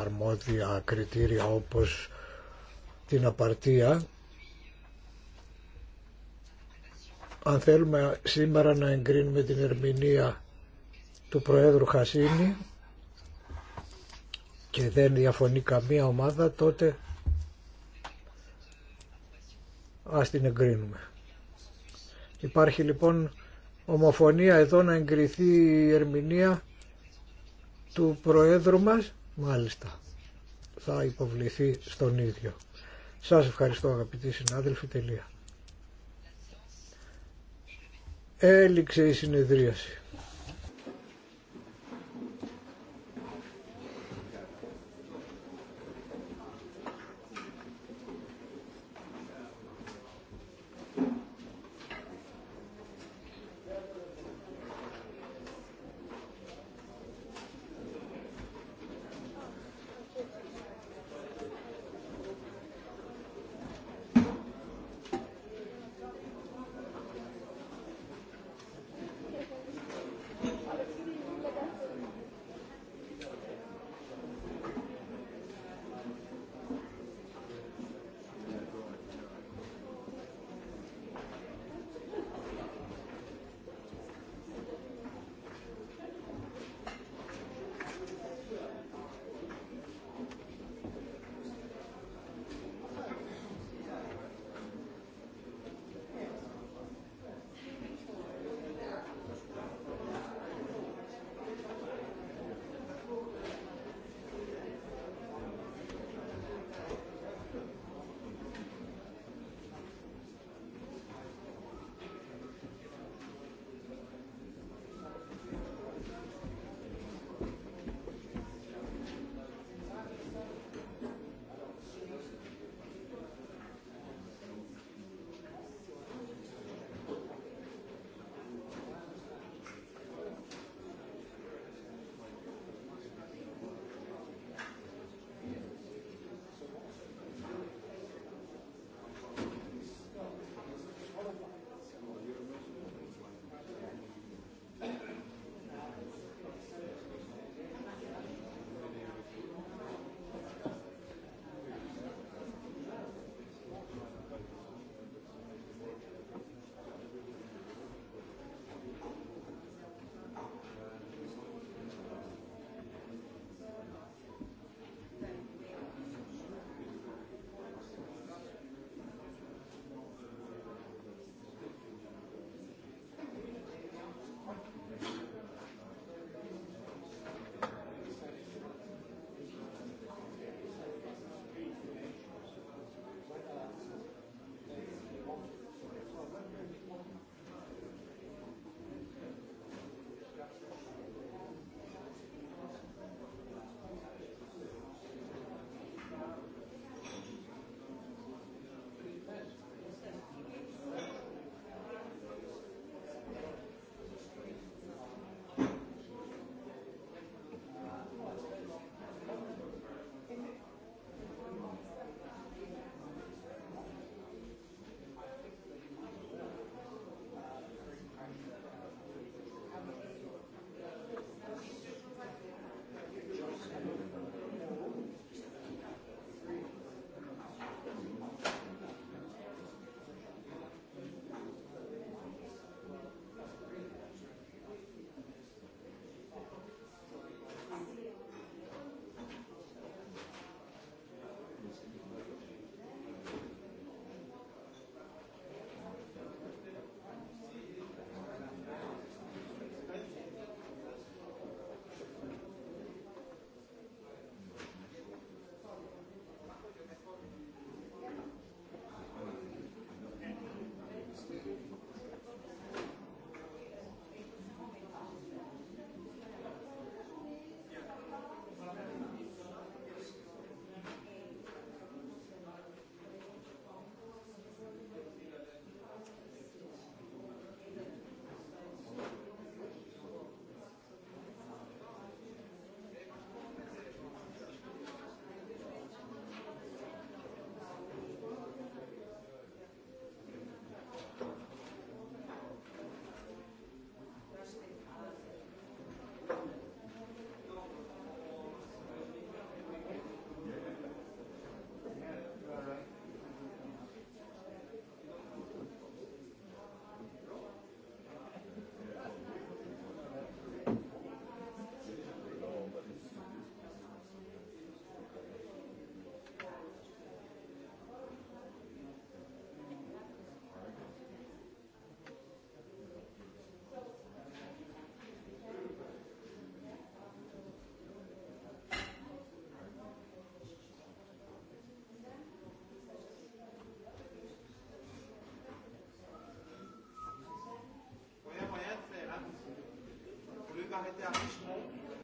αρμόδια κριτήρια όπως την απαρτία, αν θέλουμε σήμερα να εγκρίνουμε την ερμηνεία του Προέδρου Χασίνη και δεν διαφωνεί καμία ομάδα, τότε ας την εγκρίνουμε. Υπάρχει λοιπόν ομοφωνία εδώ να εγκριθεί η ερμηνεία του Προέδρου μας, μάλιστα θα υποβληθεί στον ίδιο. Σας ευχαριστώ αγαπητοί συνάδελφοι, τελεία. Έληξε η συνεδρίαση.